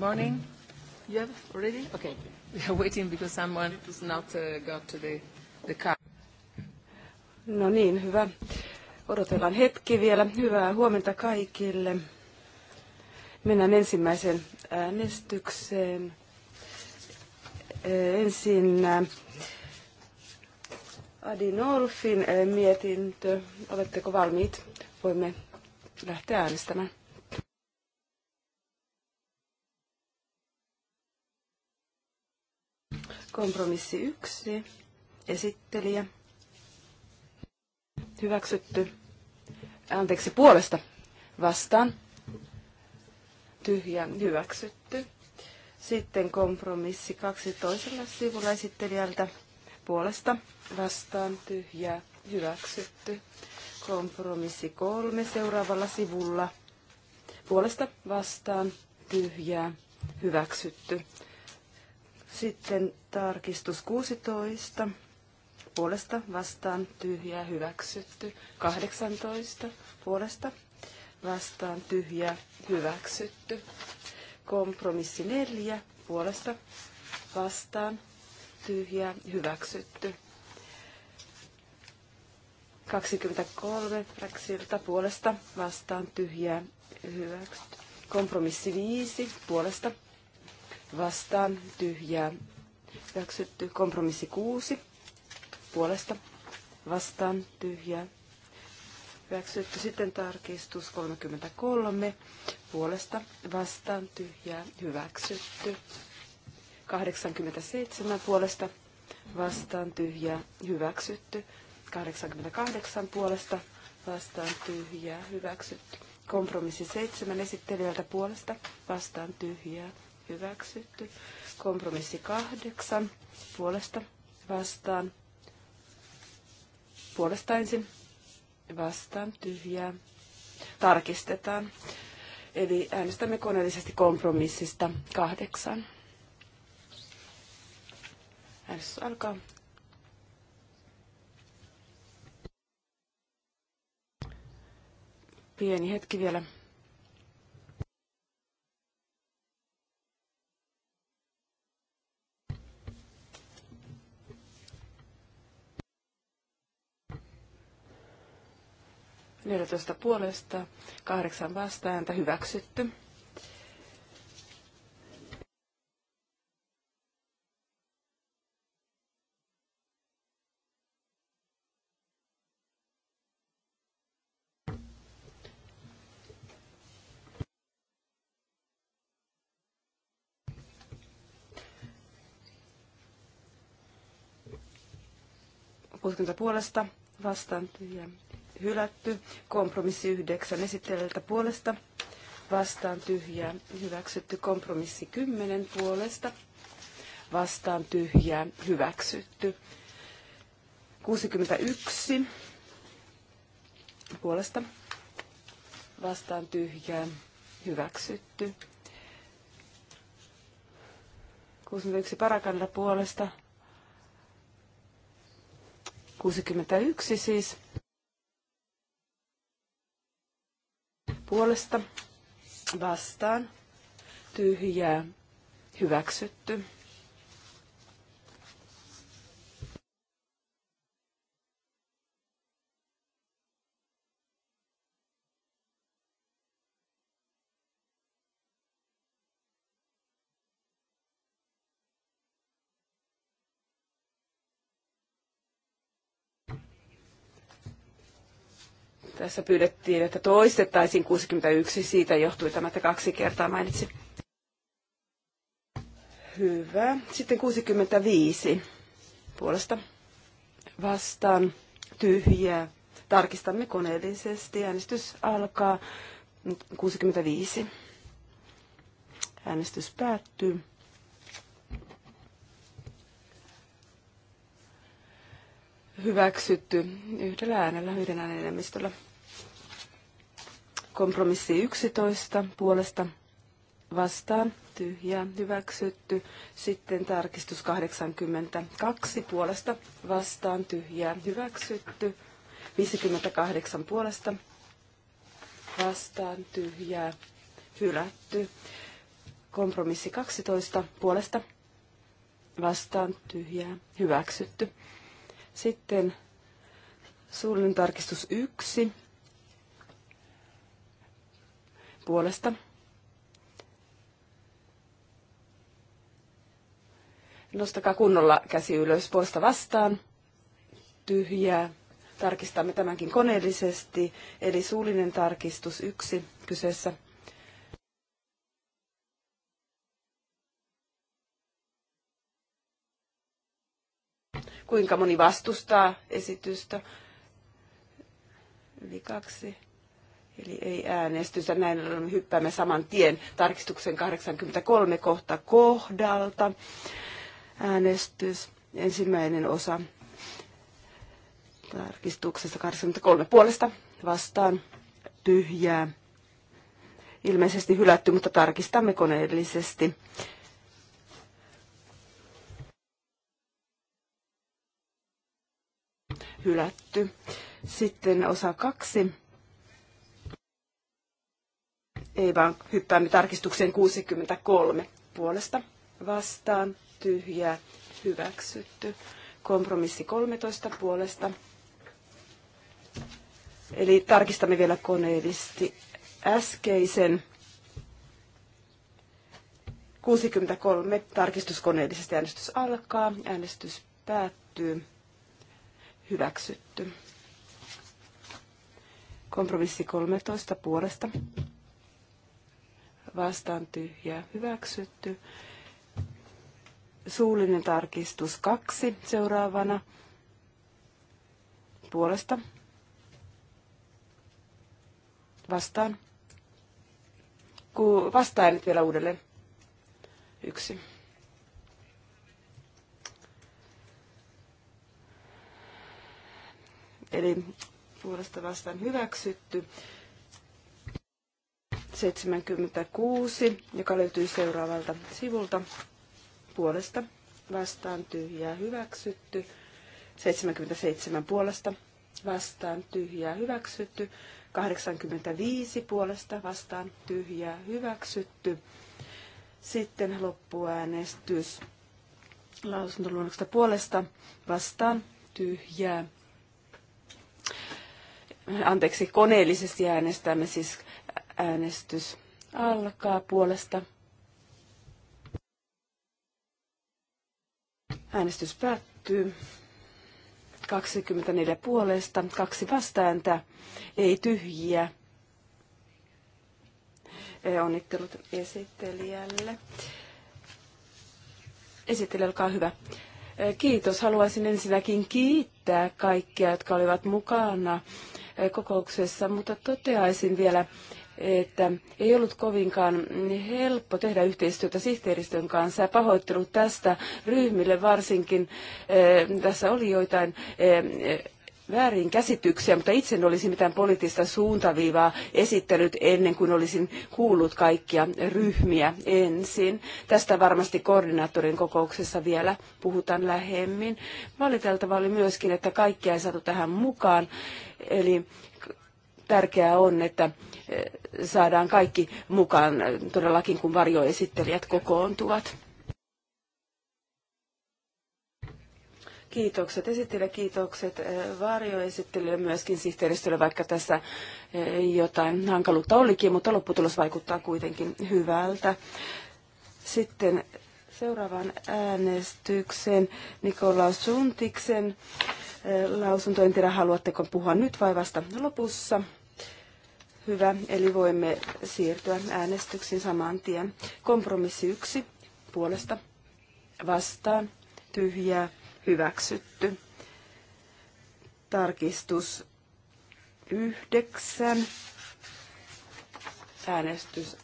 Morning. You have already? Okay. We are waiting because someone has not uh, got to the, the car. No niin, hyvä. Odotellaan hetki vielä. Hyvää huomenta kaikille. Mennään ensimmäiseen äänestykseen. Äh, ensin äh, Adi Adinolfin äh, mietintö. Oletteko valmiit? Voimme lähteä äänestämään. Kompromissi yksi. Esittelijä. Hyväksytty. Anteeksi, puolesta. Vastaan. Tyhjä. Hyväksytty. Sitten kompromissi kaksi toisella sivulla esittelijältä. Puolesta. Vastaan. Tyhjä. Hyväksytty. Kompromissi kolme seuraavalla sivulla. Puolesta. Vastaan. Tyhjää. Hyväksytty sitten tarkistus 16. Puolesta vastaan tyhjää hyväksytty. 18. Puolesta vastaan tyhjää hyväksytty. Kompromissi 4. Puolesta vastaan tyhjää hyväksytty. 23 fraksilta puolesta vastaan tyhjää hyväksytty. Kompromissi 5 puolesta vastaan tyhjää hyväksytty. Kompromissi 6 puolesta vastaan tyhjää hyväksytty. Sitten tarkistus 33 puolesta vastaan tyhjää hyväksytty. 87 puolesta vastaan tyhjää hyväksytty. 88 puolesta vastaan tyhjää hyväksytty. Kompromissi 7 esittelijältä puolesta vastaan tyhjää hyväksytty. Kompromissi kahdeksan puolesta vastaan. Puolesta ensin vastaan tyhjää. Tarkistetaan. Eli äänestämme koneellisesti kompromissista kahdeksan. Äänestys alkaa. Pieni hetki vielä. 14 puolesta, 8 vastaääntä hyväksytty. puolesta vastaan tyhjää hylätty. Kompromissi yhdeksän, esittelijältä puolesta vastaan tyhjää hyväksytty. Kompromissi kymmenen puolesta vastaan tyhjää hyväksytty. 61 puolesta vastaan tyhjää hyväksytty. 61 parakanda puolesta. 61 siis puolesta vastaan tyhjää hyväksytty. Tässä pyydettiin, että toistettaisiin 61, siitä johtui tämä, että kaksi kertaa mainitsin. Hyvä. Sitten 65 puolesta vastaan tyhjää. Tarkistamme koneellisesti. Äänestys alkaa 65. Äänestys päättyy. hyväksytty yhdellä äänellä, yhden äänen enemmistöllä. Kompromissi 11 puolesta vastaan, tyhjä, hyväksytty. Sitten tarkistus 82 puolesta vastaan, tyhjä, hyväksytty. 58 puolesta vastaan, tyhjä, hylätty. Kompromissi 12 puolesta vastaan, tyhjä, hyväksytty. Sitten suullinen tarkistus 1 puolesta. Nostakaa kunnolla käsi ylös puolesta vastaan. Tyhjää. Tarkistamme tämänkin koneellisesti. Eli suullinen tarkistus 1 kyseessä. kuinka moni vastustaa esitystä. Yli kaksi. Eli ei äänestystä. Näin on hyppäämme saman tien tarkistuksen 83 kohta kohdalta. Äänestys. Ensimmäinen osa tarkistuksesta 83 puolesta vastaan tyhjää. Ilmeisesti hylätty, mutta tarkistamme koneellisesti. hylätty. Sitten osa kaksi. Ei vaan hyppäämme tarkistukseen 63 puolesta vastaan tyhjää hyväksytty. Kompromissi 13 puolesta. Eli tarkistamme vielä koneellisesti äskeisen 63 tarkistuskoneellisesti äänestys alkaa, äänestys päättyy hyväksytty. Kompromissi 13 puolesta vastaan tyhjä hyväksytty. Suullinen tarkistus 2 seuraavana puolesta vastaan. Ku, vastaan nyt vielä uudelleen. Yksi. eli puolesta vastaan hyväksytty. 76, joka löytyy seuraavalta sivulta, puolesta vastaan tyhjää hyväksytty. 77 puolesta vastaan tyhjää hyväksytty. 85 puolesta vastaan tyhjää hyväksytty. Sitten loppuäänestys lausuntoluonnoksesta puolesta vastaan tyhjää anteeksi, koneellisesti äänestämme, siis äänestys alkaa puolesta. Äänestys päättyy. 24 puolesta, kaksi vastaääntä, ei tyhjiä. E, onnittelut esittelijälle. Esittelijä, olkaa hyvä. E, kiitos. Haluaisin ensinnäkin kiittää kaikkia, jotka olivat mukana kokouksessa, mutta toteaisin vielä, että ei ollut kovinkaan helppo tehdä yhteistyötä sihteeristön kanssa ja pahoittelut tästä ryhmille varsinkin. Eh, tässä oli joitain eh, väärinkäsityksiä, mutta itse en olisi mitään poliittista suuntaviivaa esittänyt ennen kuin olisin kuullut kaikkia ryhmiä ensin. Tästä varmasti koordinaattorin kokouksessa vielä puhutaan lähemmin. Valiteltava oli myöskin, että kaikkia ei saatu tähän mukaan. Eli tärkeää on, että eh, saadaan kaikki mukaan eh, todellakin, kun varjoesittelijät kokoontuvat. Kiitokset esittelijä, kiitokset eh, varjoesittelijä myöskin sihteeristölle, vaikka tässä eh, jotain hankaluutta olikin, mutta lopputulos vaikuttaa kuitenkin hyvältä. Sitten seuraavaan äänestykseen Nikolaus Suntiksen eh, lausunto. En tiedä, haluatteko puhua nyt vai vasta lopussa. Hyvä, eli voimme siirtyä äänestyksiin saman tien. Kompromissi yksi puolesta vastaan tyhjää hyväksytty. Tarkistus yhdeksän. Äänestys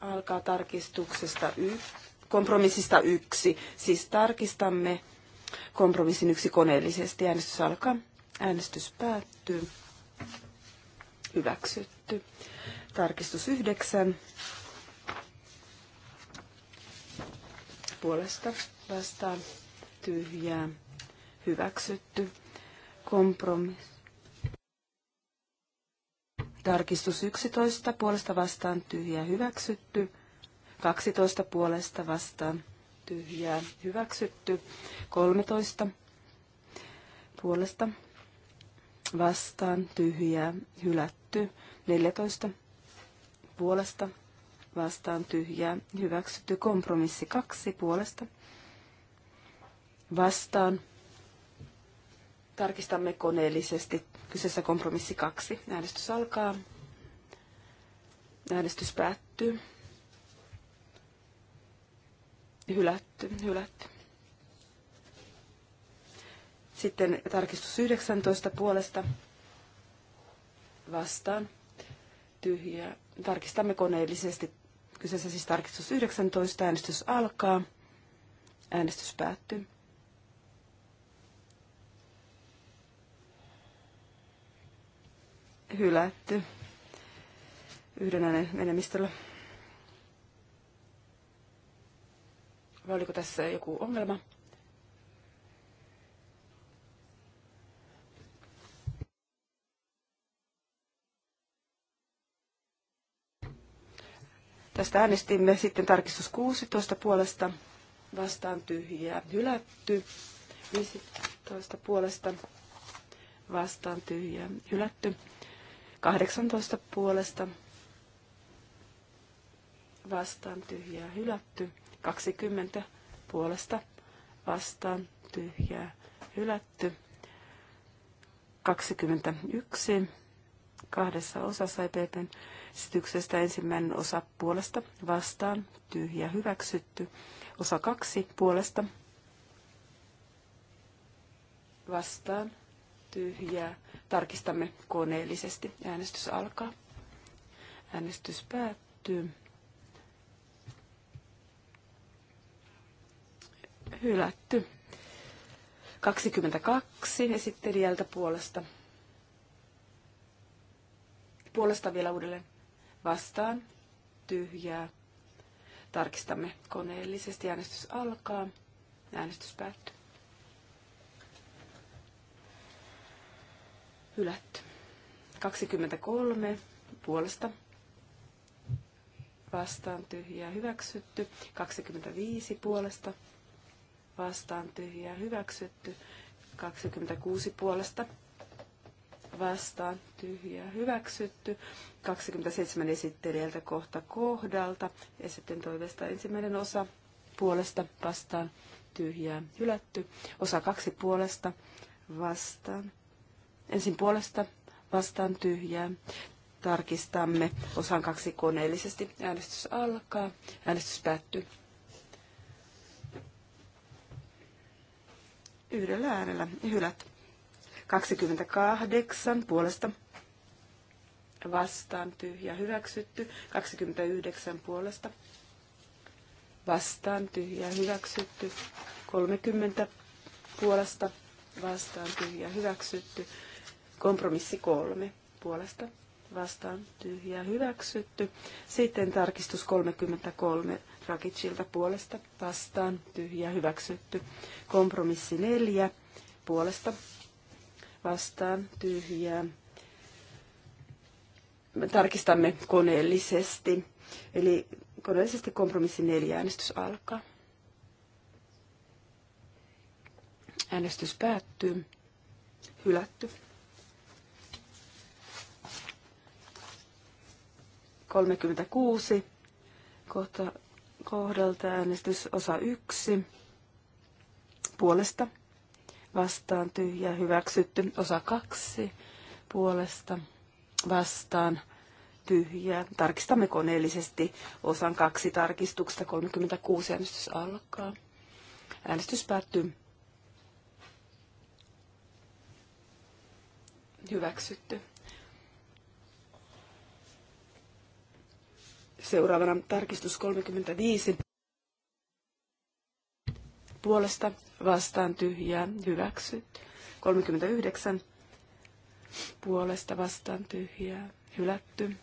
alkaa tarkistuksesta y- kompromissista yksi. Siis tarkistamme kompromissin yksi koneellisesti. Äänestys alkaa. Äänestys päättyy. Hyväksytty. Tarkistus yhdeksän. Puolesta vastaan tyhjää hyväksytty. Kompromissi. Tarkistus 11 puolesta vastaan tyhjää hyväksytty. 12 puolesta vastaan tyhjää hyväksytty. 13 puolesta vastaan tyhjää hylätty. 14 puolesta vastaan tyhjää hyväksytty. Kompromissi 2 puolesta vastaan. Tarkistamme koneellisesti. Kyseessä kompromissi kaksi Äänestys alkaa. Äänestys päättyy. Hylätty, hylätty. Sitten tarkistus 19 puolesta vastaan. Tyhjä. Tarkistamme koneellisesti. Kyseessä siis tarkistus 19. Äänestys alkaa. Äänestys päättyy. hylätty yhden äänen enemmistöllä. Vai oliko tässä joku ongelma? Tästä äänestimme sitten tarkistus 16 puolesta vastaan tyhjää hylätty. 15 puolesta vastaan tyhjää hylätty. 18 puolesta vastaan tyhjää hylätty. 20 puolesta vastaan tyhjää hylätty. 21 kahdessa osassa EPPn esityksestä ensimmäinen osa puolesta vastaan tyhjä hyväksytty. Osa kaksi puolesta vastaan tyhjää. Tarkistamme koneellisesti. Äänestys alkaa. Äänestys päättyy. Hylätty. 22 esittelijältä puolesta. Puolesta vielä uudelleen vastaan. Tyhjää. Tarkistamme koneellisesti. Äänestys alkaa. Äänestys päättyy. hylätty. 23 puolesta vastaan tyhjää hyväksytty. 25 puolesta vastaan tyhjää hyväksytty. 26 puolesta vastaan tyhjää hyväksytty. 27 esittelijältä kohta kohdalta ja sitten toivesta ensimmäinen osa puolesta vastaan tyhjää hylätty. Osa kaksi puolesta vastaan Ensin puolesta vastaan tyhjää. Tarkistamme osan kaksi koneellisesti. Äänestys alkaa. Äänestys päättyy. Yhdellä äänellä hylät. 28 puolesta vastaan tyhjä hyväksytty. 29 puolesta vastaan tyhjä hyväksytty. 30 puolesta vastaan tyhjä hyväksytty. Kompromissi kolme puolesta vastaan tyhjä hyväksytty. Sitten tarkistus 33 Rakicilta puolesta vastaan tyhjä hyväksytty. Kompromissi neljä puolesta vastaan tyhjää. Me tarkistamme koneellisesti. Eli koneellisesti kompromissi neljä äänestys alkaa. Äänestys päättyy. Hylätty. 36, kohta kohdalta äänestys osa 1, puolesta, vastaan tyhjä, hyväksytty, osa 2, puolesta, vastaan, tyhjä Tarkistamme koneellisesti osan kaksi tarkistuksesta. 36 äänestys alkaa. Äänestys päättyy. Hyväksytty. Seuraavana tarkistus 35. Puolesta vastaan tyhjää hyväksytty. 39. Puolesta vastaan tyhjää hylätty.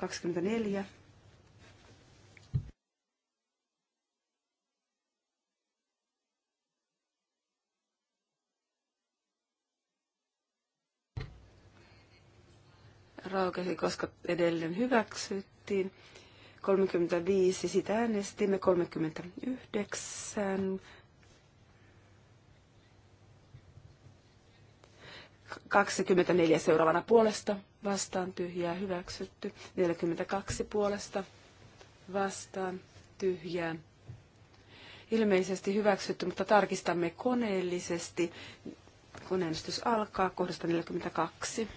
24 aukesi, koska edellinen hyväksyttiin. 35, sitä äänestimme 39. 24 seuraavana puolesta, vastaan tyhjää hyväksytty. 42 puolesta, vastaan tyhjää. Ilmeisesti hyväksytty, mutta tarkistamme koneellisesti, kun alkaa kohdasta 42.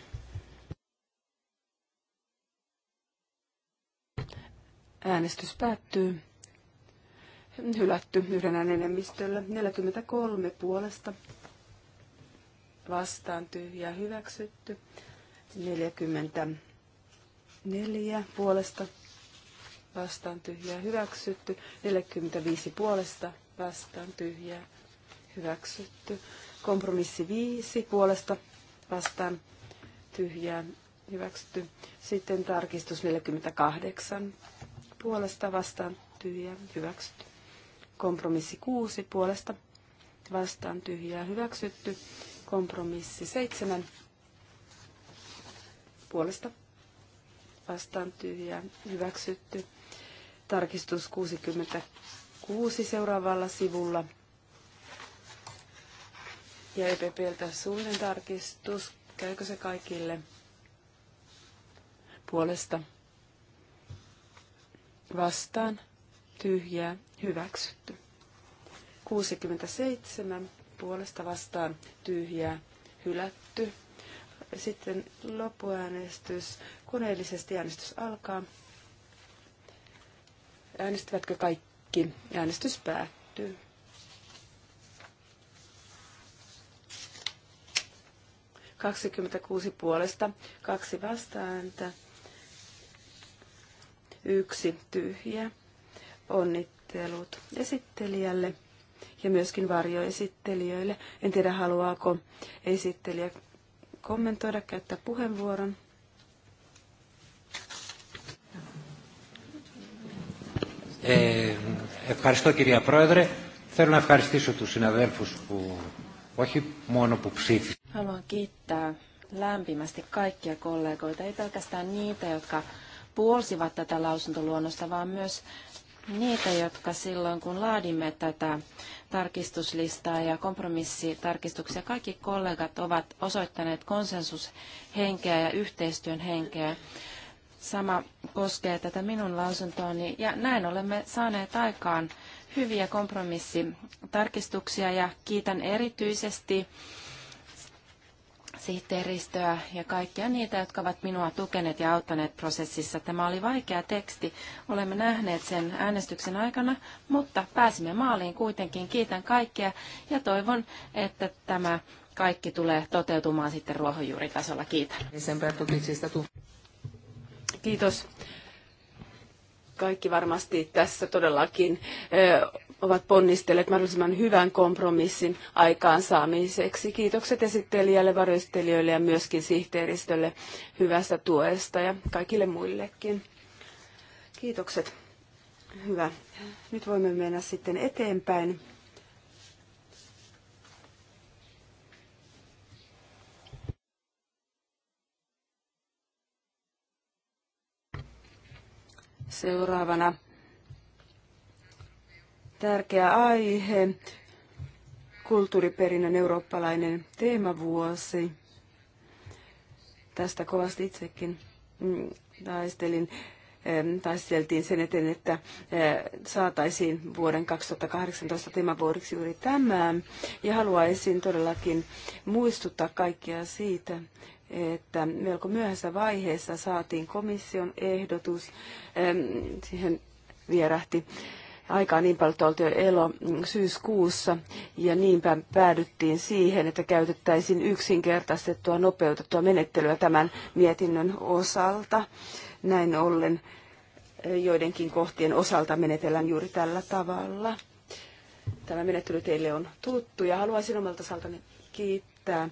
Äänestys päättyy. Hylätty yhden äänen enemmistöllä. 43 puolesta. Vastaan tyhjä hyväksytty. 44 puolesta. Vastaan tyhjä hyväksytty. 45 puolesta. Vastaan tyhjä hyväksytty. Kompromissi 5 puolesta. Vastaan tyhjään hyväksytty. Sitten tarkistus 48 puolesta vastaan tyhjää hyväksytty. Kompromissi 6 puolesta vastaan tyhjää hyväksytty. Kompromissi 7 puolesta vastaan tyhjää hyväksytty. Tarkistus 66 seuraavalla sivulla. Ja EPPltä suullinen tarkistus. Käykö se kaikille puolesta? vastaan tyhjää hyväksytty. 67 puolesta vastaan tyhjää hylätty. Sitten loppuäänestys. Koneellisesti äänestys alkaa. Äänestävätkö kaikki? Äänestys päättyy. Kaksikymmentäkuusi puolesta, kaksi vastaääntä, yksi tyhjä. Onnittelut esittelijälle ja myöskin varjoesittelijöille. En tiedä, haluaako esittelijä kommentoida, käyttää puheenvuoron. Eh, ευχαριστώ κυρία Πρόεδρε. Θέλω να ευχαριστήσω τους συναδέλφους που όχι μόνο που ψήφισαν. Haluan kiittää lämpimästi kaikkia kollegoita, ei pelkästään niitä, jotka puolsivat tätä lausuntoluonnosta, vaan myös niitä, jotka silloin kun laadimme tätä tarkistuslistaa ja kompromissitarkistuksia, kaikki kollegat ovat osoittaneet konsensushenkeä ja yhteistyön henkeä. Sama koskee tätä minun lausuntoani ja näin olemme saaneet aikaan hyviä kompromissitarkistuksia ja kiitän erityisesti sihteeristöä ja kaikkia niitä, jotka ovat minua tukeneet ja auttaneet prosessissa. Tämä oli vaikea teksti. Olemme nähneet sen äänestyksen aikana, mutta pääsimme maaliin kuitenkin. Kiitän kaikkia ja toivon, että tämä kaikki tulee toteutumaan sitten ruohonjuuritasolla. Kiitän. Kiitos. Kaikki varmasti tässä todellakin ovat ponnistelleet mahdollisimman hyvän kompromissin aikaansaamiseksi. Kiitokset esittelijälle, varoistelijoille ja myöskin sihteeristölle hyvästä tuesta ja kaikille muillekin. Kiitokset. Hyvä. Nyt voimme mennä sitten eteenpäin. Seuraavana tärkeä aihe, kulttuuriperinnön eurooppalainen teemavuosi. Tästä kovasti itsekin mm, taistelin taisteltiin sen eteen, että eh, saataisiin vuoden 2018 teemavuodeksi juuri tämä. Ja haluaisin todellakin muistuttaa kaikkia siitä, että melko myöhässä vaiheessa saatiin komission ehdotus, siihen vierähti aikaa niin paljon, että oltiin elo mm, syyskuussa, ja niinpä päädyttiin siihen, että käytettäisiin yksinkertaistettua nopeutettua menettelyä tämän mietinnön osalta. Näin ollen eh, joidenkin kohtien osalta menetellään juuri tällä tavalla. Tämä menettely teille on tuttu, ja haluaisin omalta osaltani kiittää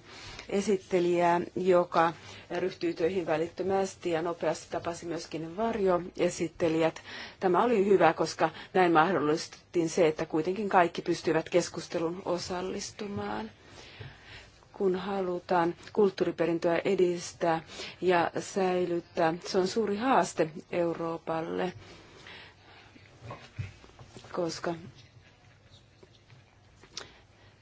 esittelijää, joka ryhtyi töihin välittömästi ja nopeasti tapasi myöskin varjoesittelijät. Tämä oli hyvä, koska näin mahdollistettiin se, että kuitenkin kaikki pystyivät keskustelun osallistumaan kun halutaan kulttuuriperintöä edistää ja säilyttää. Se on suuri haaste Euroopalle, koska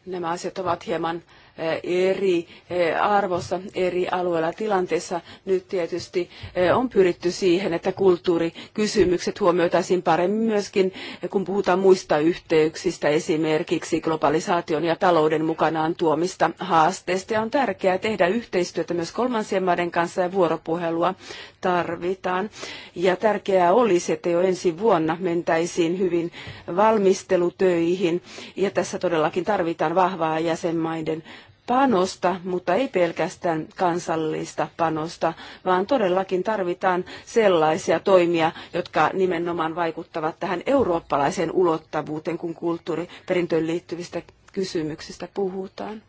nämä asiat ovat hieman Eh, eri eh, arvossa eri alueilla tilanteessa. Nyt tietysti eh, on pyritty siihen, että kulttuurikysymykset huomioitaisiin paremmin myöskin, kun puhutaan muista yhteyksistä, esimerkiksi globalisaation ja talouden mukanaan tuomista haasteista. Ja on tärkeää tehdä yhteistyötä myös kolmansien maiden kanssa ja vuoropuhelua tarvitaan. Ja tärkeää olisi, että jo ensi vuonna mentäisiin hyvin valmistelutöihin ja tässä todellakin tarvitaan vahvaa jäsenmaiden panosta, mutta ei pelkästään kansallista panosta, vaan todellakin tarvitaan sellaisia toimia, jotka nimenomaan vaikuttavat tähän eurooppalaiseen ulottavuuteen, kun kulttuuriperintöön liittyvistä kysymyksistä puhutaan.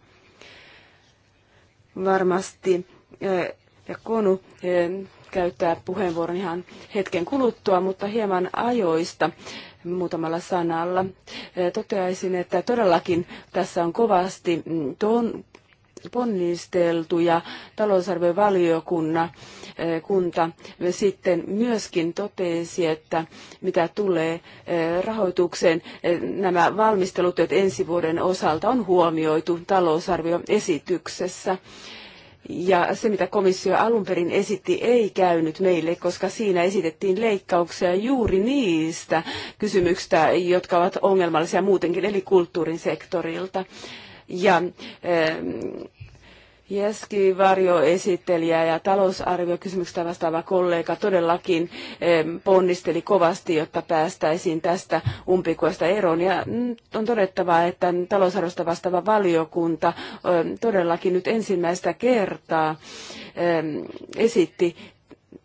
Varmasti eh, ja Konu eh, käyttää puheenvuoron ihan hetken kuluttua, mutta hieman ajoista muutamalla sanalla. Toteaisin, että todellakin tässä on kovasti mm, ton ponnisteltu ja talousarviovaliokunna kunta sitten myöskin totesi, että mitä tulee rahoitukseen, nämä valmistelutyöt ensi vuoden osalta on huomioitu talousarvioesityksessä. esityksessä ja se, mitä komissio alun perin esitti, ei käynyt meille, koska siinä esitettiin leikkauksia juuri niistä kysymyksistä, jotka ovat ongelmallisia muutenkin, eli kulttuurin sektorilta. Ja, ehm, Jeski varjo esittelijä ja talousarviokysymyksestä vastaava kollega todellakin ponnisteli kovasti, jotta päästäisiin tästä umpikuesta eroon. Ja on todettava, että talousarvosta vastaava valiokunta todellakin nyt ensimmäistä kertaa esitti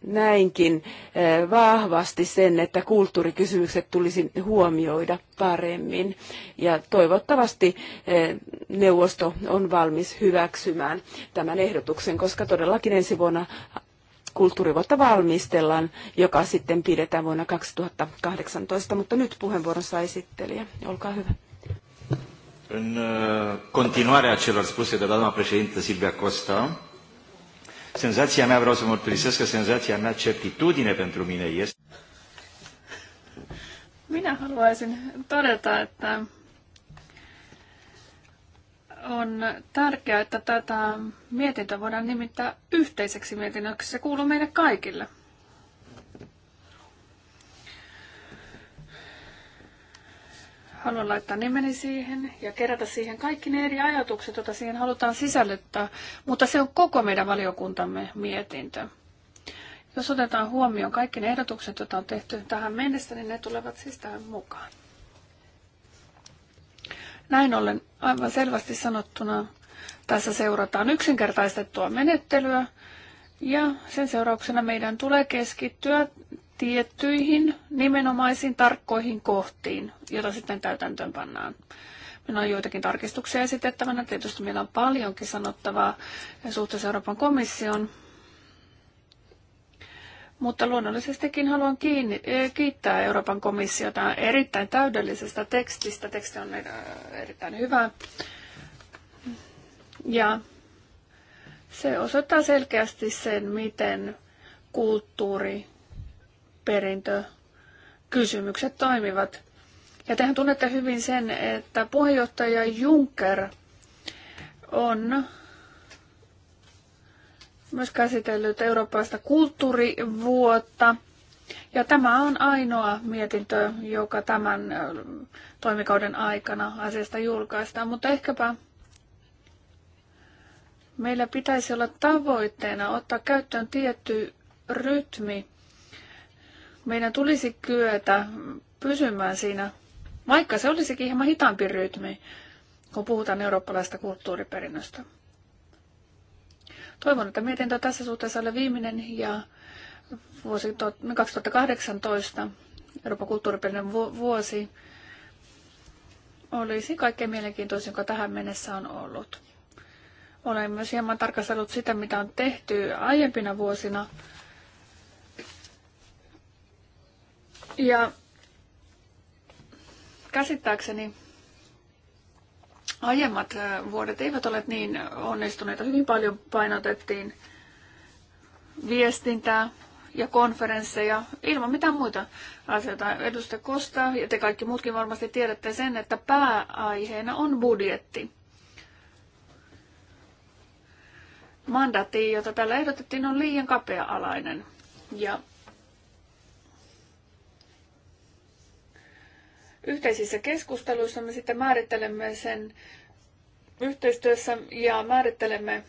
näinkin eh, vahvasti sen, että kulttuurikysymykset tulisi huomioida paremmin. Ja toivottavasti eh, neuvosto on valmis hyväksymään tämän ehdotuksen, koska todellakin ensi vuonna kulttuurivuotta valmistellaan, joka sitten pidetään vuonna 2018. Mutta nyt puheenvuoron saa esittelijä. Olkaa hyvä. În eh, continuarea celor spuse de doamna Silvia Costa, senzația mea, vreau să mărturisesc că senzația mea, certitudine pentru mine este... Minä haluaisin todeta, että on tärkeää, että tätä mietintöä voidaan nimittää yhteiseksi mietinnöksi. Se kuuluu meille kaikille. haluan laittaa nimeni siihen ja kerätä siihen kaikki ne eri ajatukset, joita siihen halutaan sisällyttää, mutta se on koko meidän valiokuntamme mietintö. Jos otetaan huomioon kaikki ne ehdotukset, joita on tehty tähän mennessä, niin ne tulevat siis tähän mukaan. Näin ollen aivan selvästi sanottuna tässä seurataan yksinkertaistettua menettelyä ja sen seurauksena meidän tulee keskittyä tiettyihin nimenomaisiin tarkkoihin kohtiin, joita sitten täytäntöön pannaan. Meillä on joitakin tarkistuksia esitettävänä. Tietysti meillä on paljonkin sanottavaa suhteessa Euroopan komission. Mutta luonnollisestikin haluan kiinni, eh, kiittää Euroopan komissiota erittäin täydellisestä tekstistä. Teksti on eh, erittäin hyvä. Ja se osoittaa selkeästi sen, miten kulttuuri perintökysymykset toimivat. Ja tehän tunnette hyvin sen, että puheenjohtaja Juncker on myös käsitellyt eurooppalaista kulttuurivuotta. Ja tämä on ainoa mietintö, joka tämän toimikauden aikana asiasta julkaistaan, mutta ehkäpä meillä pitäisi olla tavoitteena ottaa käyttöön tietty rytmi meidän tulisi kyetä pysymään siinä, vaikka se olisikin hieman hitaampi rytmi, kun puhutaan eurooppalaista kulttuuriperinnöstä. Toivon, että mietintö tässä suhteessa oli viimeinen ja vuosi 2018, Euroopan kulttuuriperinnön vuosi, olisi kaikkein mielenkiintoisin, joka tähän mennessä on ollut. Olen myös hieman tarkastellut sitä, mitä on tehty aiempina vuosina Ja käsittääkseni aiemmat vuodet eivät ole niin onnistuneita. Hyvin paljon painotettiin viestintää ja konferensseja ilman mitään muita asioita. Edustaja Kosta ja te kaikki muutkin varmasti tiedätte sen, että pääaiheena on budjetti. Mandaatti, jota täällä ehdotettiin, on liian kapea-alainen. Ja Yhteisissä keskusteluissa me sitten määrittelemme sen yhteistyössä ja määrittelemme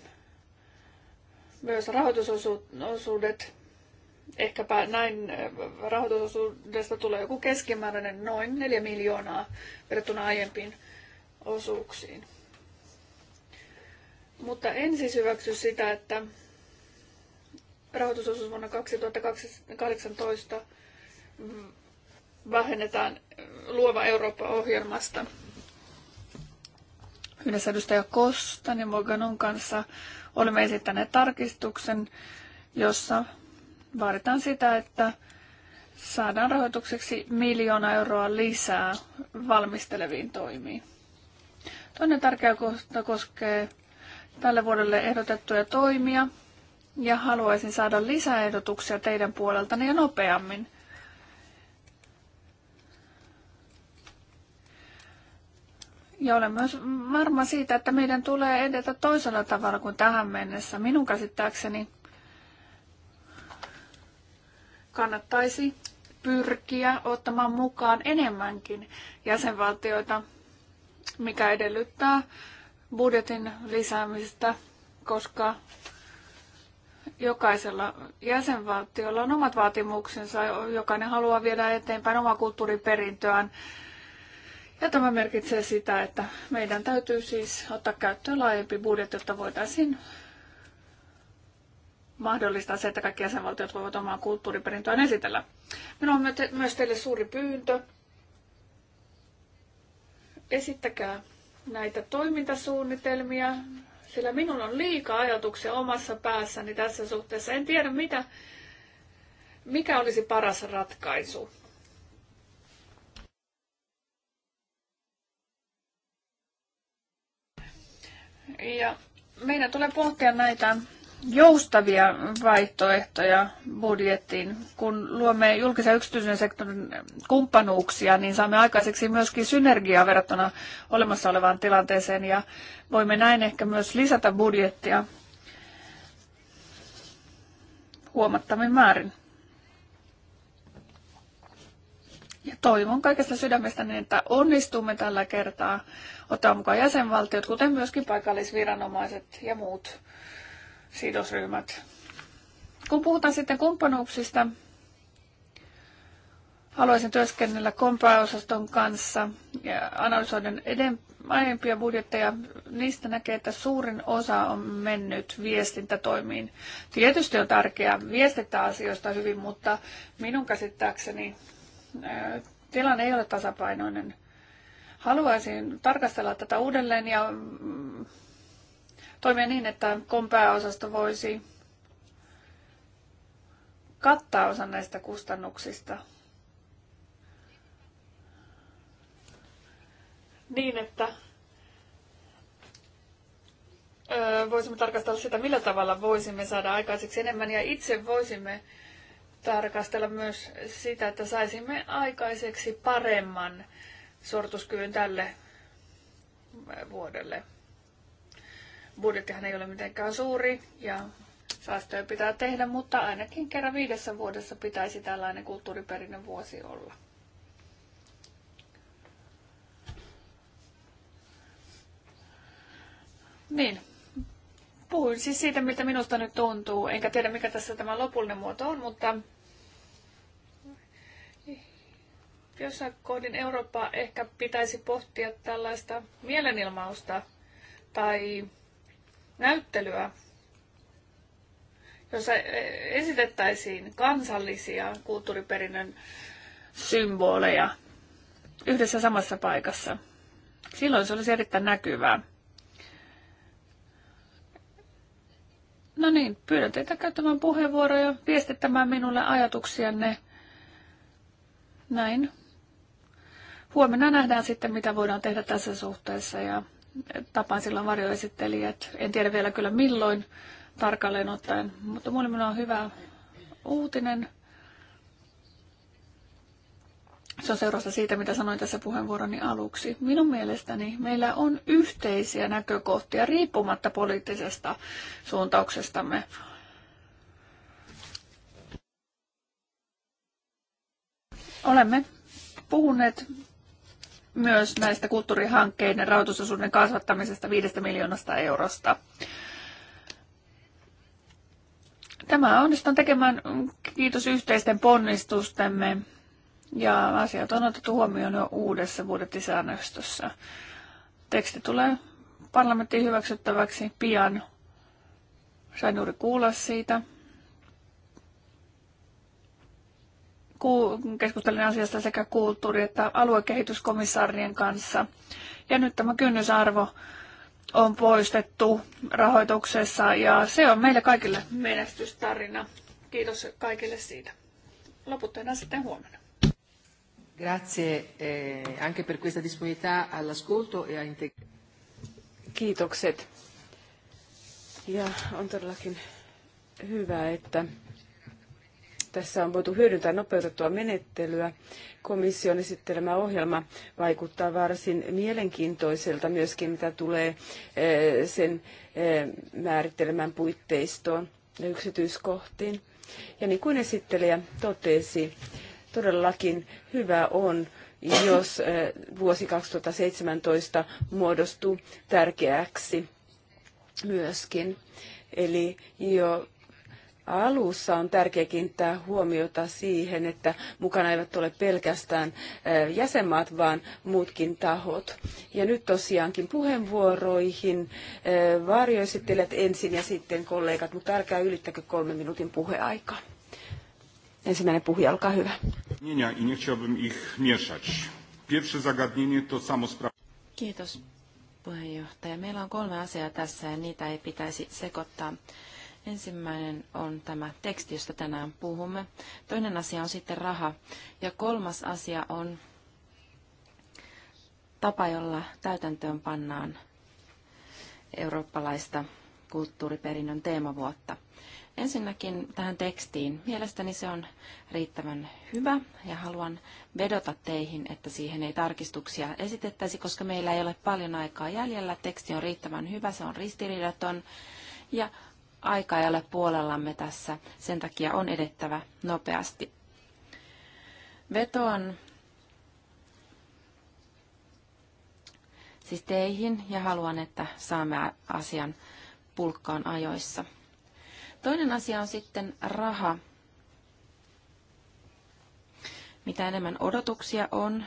myös rahoitusosuudet. Ehkäpä näin äh, rahoitusosuudesta tulee joku keskimääräinen noin 4 miljoonaa verrattuna aiempiin osuuksiin. Mutta en siis hyväksy sitä, että rahoitusosuus vuonna 2018 vähennetään Luova Eurooppa-ohjelmasta. Yhdessä edustaja Kostan niin ja Morganon kanssa olemme esittäneet tarkistuksen, jossa vaaditaan sitä, että saadaan rahoitukseksi miljoona euroa lisää valmisteleviin toimiin. Toinen tärkeä kohta koskee tälle vuodelle ehdotettuja toimia ja haluaisin saada lisäehdotuksia teidän puoleltanne ja nopeammin. Ja olen myös varma siitä, että meidän tulee edetä toisella tavalla kuin tähän mennessä. Minun käsittääkseni kannattaisi pyrkiä ottamaan mukaan enemmänkin jäsenvaltioita, mikä edellyttää budjetin lisäämistä, koska jokaisella jäsenvaltiolla on omat vaatimuksensa. Jokainen haluaa viedä eteenpäin omaa kulttuuriperintöään ja tämä merkitsee sitä, että meidän täytyy siis ottaa käyttöön laajempi budjetti, jotta voitaisiin mahdollistaa se, että kaikki jäsenvaltiot voivat omaa kulttuuriperintöään esitellä. Minulla on myös teille suuri pyyntö. Esittäkää näitä toimintasuunnitelmia, sillä minulla on liikaa ajatuksia omassa päässäni tässä suhteessa. En tiedä, mitä, mikä olisi paras ratkaisu. Ja meidän tulee pohtia näitä joustavia vaihtoehtoja budjettiin. Kun luomme julkisen ja yksityisen sektorin kumppanuuksia, niin saamme aikaiseksi myöskin synergiaa verrattuna olemassa olevaan tilanteeseen ja voimme näin ehkä myös lisätä budjettia huomattavin määrin. Ja toivon kaikesta sydämestäni, niin, että onnistumme tällä kertaa ottaa mukaan jäsenvaltiot, kuten myöskin paikallisviranomaiset ja muut sidosryhmät. Kun puhutaan sitten kumppanuuksista, haluaisin työskennellä kompääosaston kanssa ja analysoiden eden, aiempia budjetteja. Niistä näkee, että suurin osa on mennyt viestintätoimiin. Tietysti on tärkeää viestittää asioista hyvin, mutta minun käsittääkseni Äh, tilanne ei ole tasapainoinen. Haluaisin tarkastella tätä uudelleen ja mm, toimia niin, että kon pääosasto voisi kattaa osan näistä kustannuksista. Niin, että voisimme tarkastella sitä, millä tavalla voisimme saada aikaiseksi enemmän ja itse voisimme tarkastella myös sitä, että saisimme aikaiseksi paremman suorituskyvyn tälle vuodelle. Budjettihan ei ole mitenkään suuri ja säästöjä pitää tehdä, mutta ainakin kerran viidessä vuodessa pitäisi tällainen kulttuuriperinnön vuosi olla. Niin, Puhuin siis siitä, miltä minusta nyt tuntuu, enkä tiedä mikä tässä tämä lopullinen muoto on, mutta jossain kohdin Eurooppaa ehkä pitäisi pohtia tällaista mielenilmausta tai näyttelyä, jossa esitettäisiin kansallisia kulttuuriperinnön symboleja yhdessä samassa paikassa. Silloin se olisi erittäin näkyvää. No niin, pyydän teitä käyttämään puheenvuoroja, viestittämään minulle ajatuksianne. Näin. Huomenna nähdään sitten, mitä voidaan tehdä tässä suhteessa ja tapaan silloin varjoesittelijät. En tiedä vielä kyllä milloin tarkalleen ottaen, mutta mulle on hyvä uutinen. Se on seurasta siitä, mitä sanoin tässä puheenvuoroni aluksi. Minun mielestäni meillä on yhteisiä näkökohtia riippumatta poliittisesta suuntauksestamme. Olemme puhuneet myös näistä kulttuurihankkeiden rahoitusosuuden kasvattamisesta 5 miljoonasta eurosta. Tämä onnistutaan tekemään kiitos yhteisten ponnistustemme ja asiat on otettu huomioon jo uudessa budjettisäännöstössä. Teksti tulee parlamenttiin hyväksyttäväksi pian. Sain juuri kuulla siitä. Keskustelin asiasta sekä kulttuuri- että aluekehityskomissaarien kanssa. Ja nyt tämä kynnysarvo on poistettu rahoituksessa ja se on meille kaikille menestystarina. Kiitos kaikille siitä. Loput sitten huomenna. Grazie eh, anche per questa disponibilità all'ascolto e a Kiitokset. Ja on todellakin hyvä, että tässä on voitu hyödyntää nopeutettua menettelyä. Komission esittelemä ohjelma vaikuttaa varsin mielenkiintoiselta myöskin, mitä tulee eh, sen eh, määrittelemään puitteistoon ja yksityiskohtiin. Ja niin kuin esittelijä totesi, Todellakin hyvä on, jos vuosi 2017 muodostuu tärkeäksi myöskin. Eli jo alussa on tärkeää kiinnittää huomiota siihen, että mukana eivät ole pelkästään jäsenmaat, vaan muutkin tahot. Ja nyt tosiaankin puheenvuoroihin varjoesittelijät ensin ja sitten kollegat, mutta älkää ylittäkö kolmen minuutin puheaikaa. Ensimmäinen puhuja, olkaa hyvä. Kiitos puheenjohtaja. Meillä on kolme asiaa tässä ja niitä ei pitäisi sekoittaa. Ensimmäinen on tämä teksti, josta tänään puhumme. Toinen asia on sitten raha. Ja kolmas asia on tapa, jolla täytäntöön pannaan eurooppalaista kulttuuriperinnön teemavuotta – Ensinnäkin tähän tekstiin. Mielestäni se on riittävän hyvä ja haluan vedota teihin, että siihen ei tarkistuksia esitettäisi, koska meillä ei ole paljon aikaa jäljellä. Teksti on riittävän hyvä, se on ristiriidaton ja aika ei ole puolellamme tässä. Sen takia on edettävä nopeasti. Vetoan siis teihin ja haluan, että saamme asian pulkkaan ajoissa. Toinen asia on sitten raha. Mitä enemmän odotuksia on,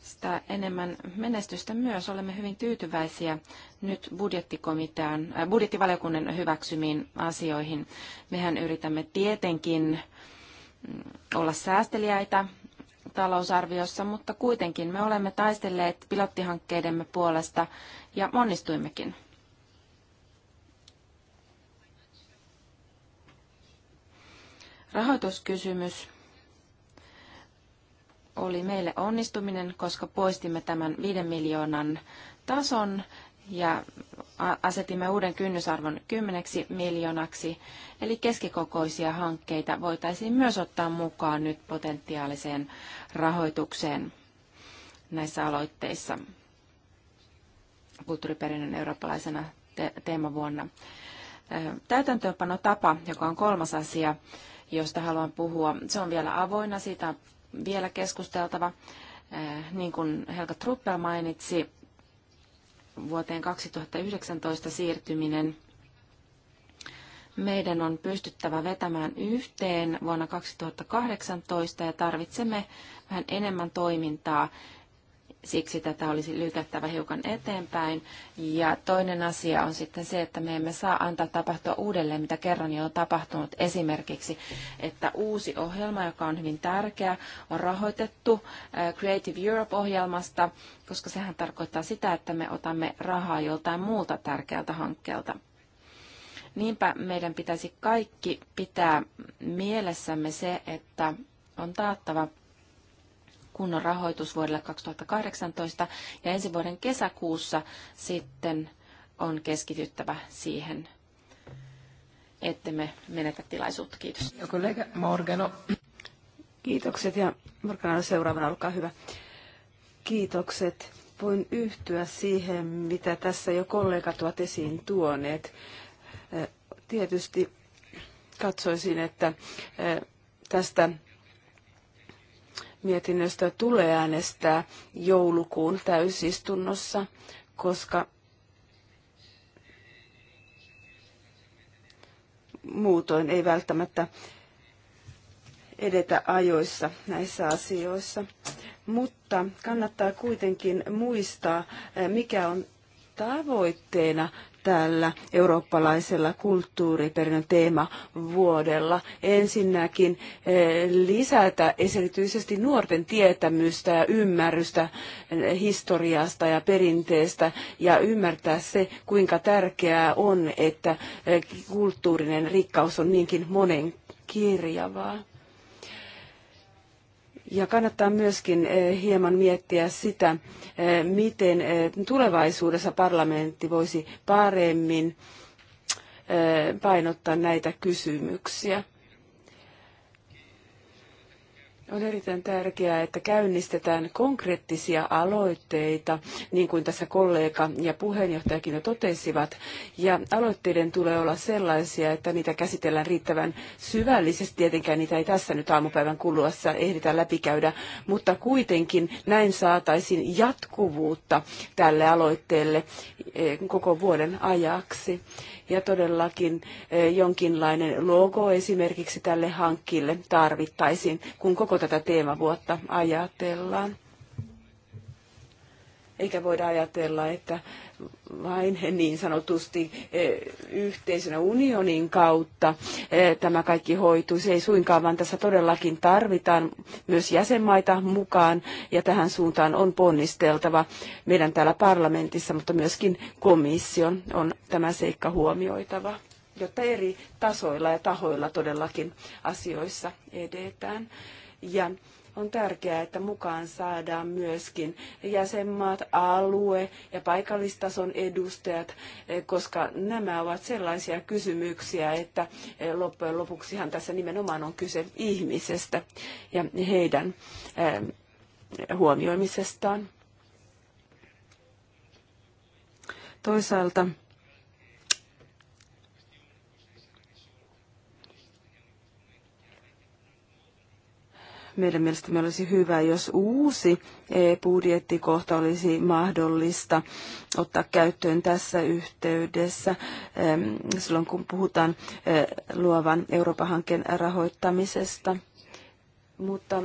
sitä enemmän menestystä myös. Olemme hyvin tyytyväisiä nyt budjettikomitean, äh, budjettivaliokunnan hyväksymiin asioihin. Mehän yritämme tietenkin mm, olla säästeliäitä talousarviossa, mutta kuitenkin me olemme taistelleet pilottihankkeidemme puolesta ja onnistuimmekin. Rahoituskysymys oli meille onnistuminen, koska poistimme tämän 5 miljoonan tason ja asetimme uuden kynnysarvon 10 miljoonaksi. Eli keskikokoisia hankkeita voitaisiin myös ottaa mukaan nyt potentiaaliseen rahoitukseen näissä aloitteissa kulttuuriperinnön eurooppalaisena te- teemavuonna. Täytäntöönpanotapa, joka on kolmas asia, josta haluan puhua. Se on vielä avoinna, siitä on vielä keskusteltava. Eh, niin kuin Helga Truppel mainitsi, vuoteen 2019 siirtyminen meidän on pystyttävä vetämään yhteen vuonna 2018 ja tarvitsemme vähän enemmän toimintaa siksi tätä olisi lykättävä hiukan eteenpäin. Ja toinen asia on sitten se, että me emme saa antaa tapahtua uudelleen, mitä kerran jo on tapahtunut. Esimerkiksi, että uusi ohjelma, joka on hyvin tärkeä, on rahoitettu eh, Creative Europe-ohjelmasta, koska sehän tarkoittaa sitä, että me otamme rahaa joltain muulta tärkeältä hankkeelta. Niinpä meidän pitäisi kaikki pitää mielessämme se, että on taattava kunnon rahoitus vuodelle 2018 ja ensi vuoden kesäkuussa sitten on keskityttävä siihen, että me menetä tilaisuutta. Kiitos. Ja kollega Morgano. Kiitokset ja Morgano seuraavana, olkaa hyvä. Kiitokset. Voin yhtyä siihen, mitä tässä jo kollegat ovat esiin tuoneet. Tietysti katsoisin, että tästä mietinnöstä tulee äänestää joulukuun täysistunnossa, koska muutoin ei välttämättä edetä ajoissa näissä asioissa. Mutta kannattaa kuitenkin muistaa, mikä on tavoitteena tällä eurooppalaisella kulttuuriperinnön teemavuodella. Ensinnäkin eh, lisätä erityisesti nuorten tietämystä ja ymmärrystä eh, historiasta ja perinteestä ja ymmärtää se, kuinka tärkeää on, että eh, kulttuurinen rikkaus on niinkin monen kirjavaa. Ja kannattaa myöskin eh, hieman miettiä sitä, eh, miten eh, tulevaisuudessa parlamentti voisi paremmin painottaa näitä kysymyksiä. On erittäin tärkeää, että käynnistetään konkreettisia aloitteita, niin kuin tässä kollega ja puheenjohtajakin jo totesivat. Ja aloitteiden tulee olla sellaisia, että niitä käsitellään riittävän syvällisesti. Tietenkään niitä ei tässä nyt aamupäivän kuluessa ehditä läpikäydä, mutta kuitenkin näin saataisiin jatkuvuutta tälle aloitteelle eh, koko vuoden ajaksi ja todellakin eh, jonkinlainen logo esimerkiksi tälle hankkeelle tarvittaisiin, kun koko kun tätä teemavuotta ajatellaan. Eikä voida ajatella, että vain niin sanotusti e, yhteisönä unionin kautta e, tämä kaikki hoituu. Se ei suinkaan, vaan tässä todellakin tarvitaan myös jäsenmaita mukaan ja tähän suuntaan on ponnisteltava meidän täällä parlamentissa, mutta myöskin komission on tämä seikka huomioitava jotta eri tasoilla ja tahoilla todellakin asioissa edetään ja on tärkeää, että mukaan saadaan myöskin jäsenmaat, alue ja paikallistason edustajat, e, koska nämä ovat sellaisia kysymyksiä, että e, loppujen lopuksihan tässä nimenomaan on kyse ihmisestä ja heidän e, huomioimisestaan. Toisaalta Meidän mielestämme olisi hyvä, jos uusi budjettikohta olisi mahdollista ottaa käyttöön tässä yhteydessä silloin, kun puhutaan e, luovan Euroopan-hankkeen rahoittamisesta. Mutta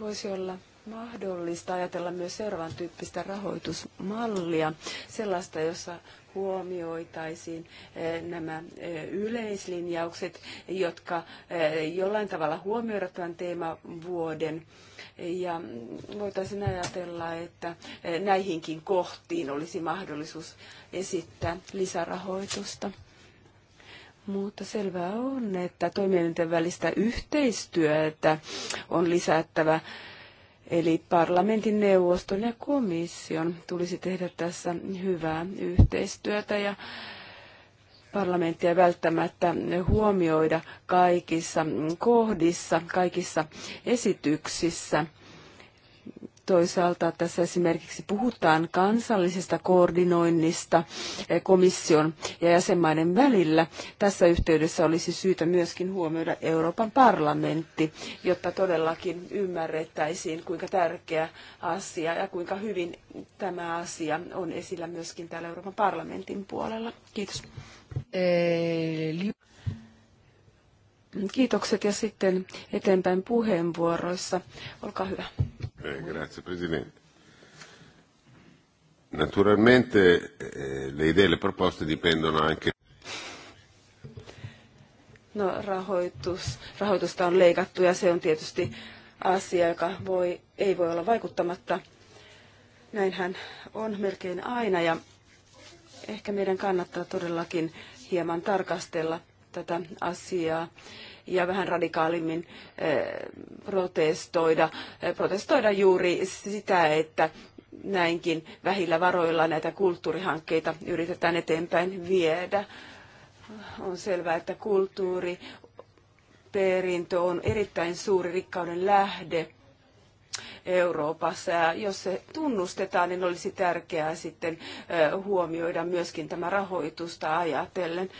voisi olla mahdollista ajatella myös seuraavan tyyppistä rahoitusmallia, sellaista, jossa huomioitaisiin eh, nämä eh, yleislinjaukset, jotka eh, jollain tavalla huomioivat tämän teemavuoden. Ja voitaisiin ajatella, että näihinkin kohtiin olisi mahdollisuus esittää lisärahoitusta. Mutta selvää on, että toimielinten välistä yhteistyötä on lisättävä Eli parlamentin neuvoston ja komission tulisi tehdä tässä hyvää yhteistyötä ja parlamenttia välttämättä huomioida kaikissa kohdissa, kaikissa esityksissä Toisaalta tässä esimerkiksi puhutaan kansallisesta koordinoinnista eh, komission ja jäsenmaiden välillä. Tässä yhteydessä olisi syytä myöskin huomioida Euroopan parlamentti, jotta todellakin ymmärrettäisiin, kuinka tärkeä asia ja kuinka hyvin tämä asia on esillä myöskin täällä Euroopan parlamentin puolella. Kiitos. Eh, Kiitokset ja sitten eteenpäin puheenvuoroissa. Olkaa hyvä. Eh, grazie, Presidente. Naturalmente eh, le idee, le proposte dipendono anche... No rahoitus, rahoitusta on leikattu ja se on tietysti asia, joka voi, ei voi olla vaikuttamatta. Näinhän on melkein aina ja ehkä meidän kannattaa todellakin hieman tarkastella – tätä asiaa ja vähän radikaalimmin eh, protestoida, eh, protestoida juuri sitä, että näinkin vähillä varoilla näitä kulttuurihankkeita yritetään eteenpäin viedä. On selvää, että kulttuuriperintö on erittäin suuri rikkauden lähde Euroopassa. Ja jos se tunnustetaan, niin olisi tärkeää sitten eh, huomioida myöskin tämä rahoitusta ajatellen.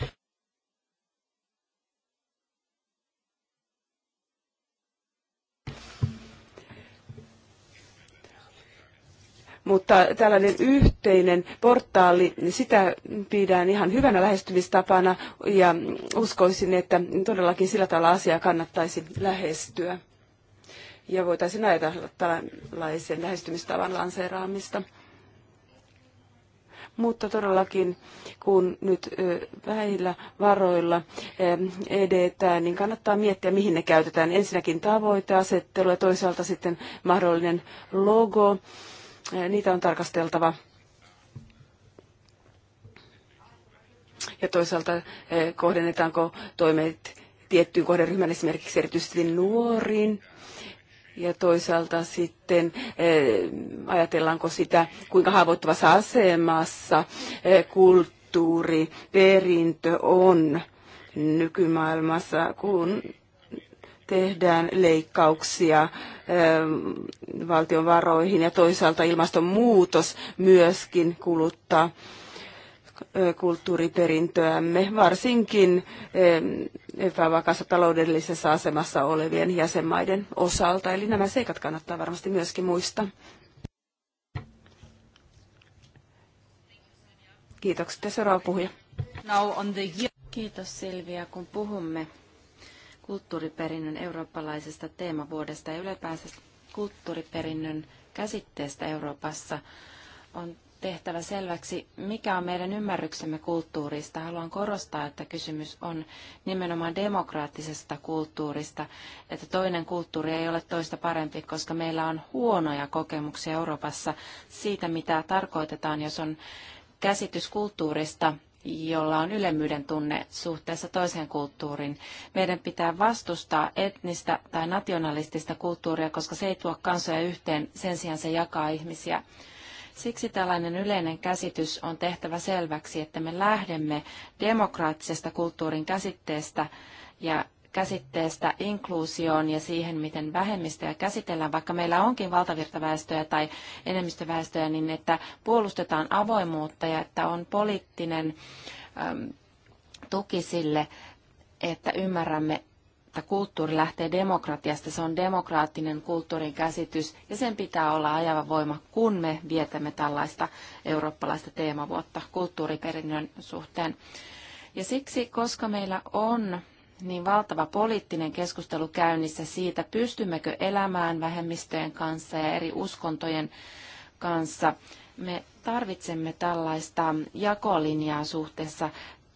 mutta tällainen yhteinen portaali, sitä pidän ihan hyvänä lähestymistapana ja uskoisin, että todellakin sillä tavalla asiaa kannattaisi lähestyä. Ja voitaisiin ajatella tällaisen lähestymistavan lanseeraamista. Mutta todellakin, kun nyt vähillä varoilla edetään, niin kannattaa miettiä, mihin ne käytetään. Ensinnäkin tavoiteasettelu ja toisaalta sitten mahdollinen logo niitä on tarkasteltava. Ja toisaalta kohdennetaanko toimet tiettyyn kohderyhmään, esimerkiksi erityisesti nuoriin. Ja toisaalta sitten ajatellaanko sitä, kuinka haavoittuvassa asemassa kulttuuri, perintö on nykymaailmassa, kun tehdään leikkauksia eh, valtion varoihin ja toisaalta ilmastonmuutos myöskin kuluttaa eh, kulttuuriperintöämme, varsinkin eh, epävakaassa taloudellisessa asemassa olevien jäsenmaiden osalta. Eli nämä seikat kannattaa varmasti myöskin muistaa. Kiitokset ja seuraava puhuja. Kiitos Silvia, kun puhumme kulttuuriperinnön eurooppalaisesta teemavuodesta ja ylipäänsä kulttuuriperinnön käsitteestä Euroopassa on tehtävä selväksi, mikä on meidän ymmärryksemme kulttuurista. Haluan korostaa, että kysymys on nimenomaan demokraattisesta kulttuurista, että toinen kulttuuri ei ole toista parempi, koska meillä on huonoja kokemuksia Euroopassa siitä, mitä tarkoitetaan, jos on käsitys kulttuurista, jolla on ylemmyyden tunne suhteessa toiseen kulttuuriin. Meidän pitää vastustaa etnistä tai nationalistista kulttuuria, koska se ei tuo kansoja yhteen, sen sijaan se jakaa ihmisiä. Siksi tällainen yleinen käsitys on tehtävä selväksi, että me lähdemme demokraattisesta kulttuurin käsitteestä ja käsitteestä inkluusioon ja siihen, miten vähemmistöjä käsitellään, vaikka meillä onkin valtavirtaväestöä tai enemmistöväestöä, niin että puolustetaan avoimuutta ja että on poliittinen äm, tuki sille, että ymmärrämme, että kulttuuri lähtee demokratiasta, se on demokraattinen kulttuurin käsitys ja sen pitää olla ajava voima, kun me vietämme tällaista eurooppalaista teemavuotta kulttuuriperinnön suhteen. Ja siksi, koska meillä on niin valtava poliittinen keskustelu käynnissä siitä, pystymmekö elämään vähemmistöjen kanssa ja eri uskontojen kanssa. Me tarvitsemme tällaista jakolinjaa suhteessa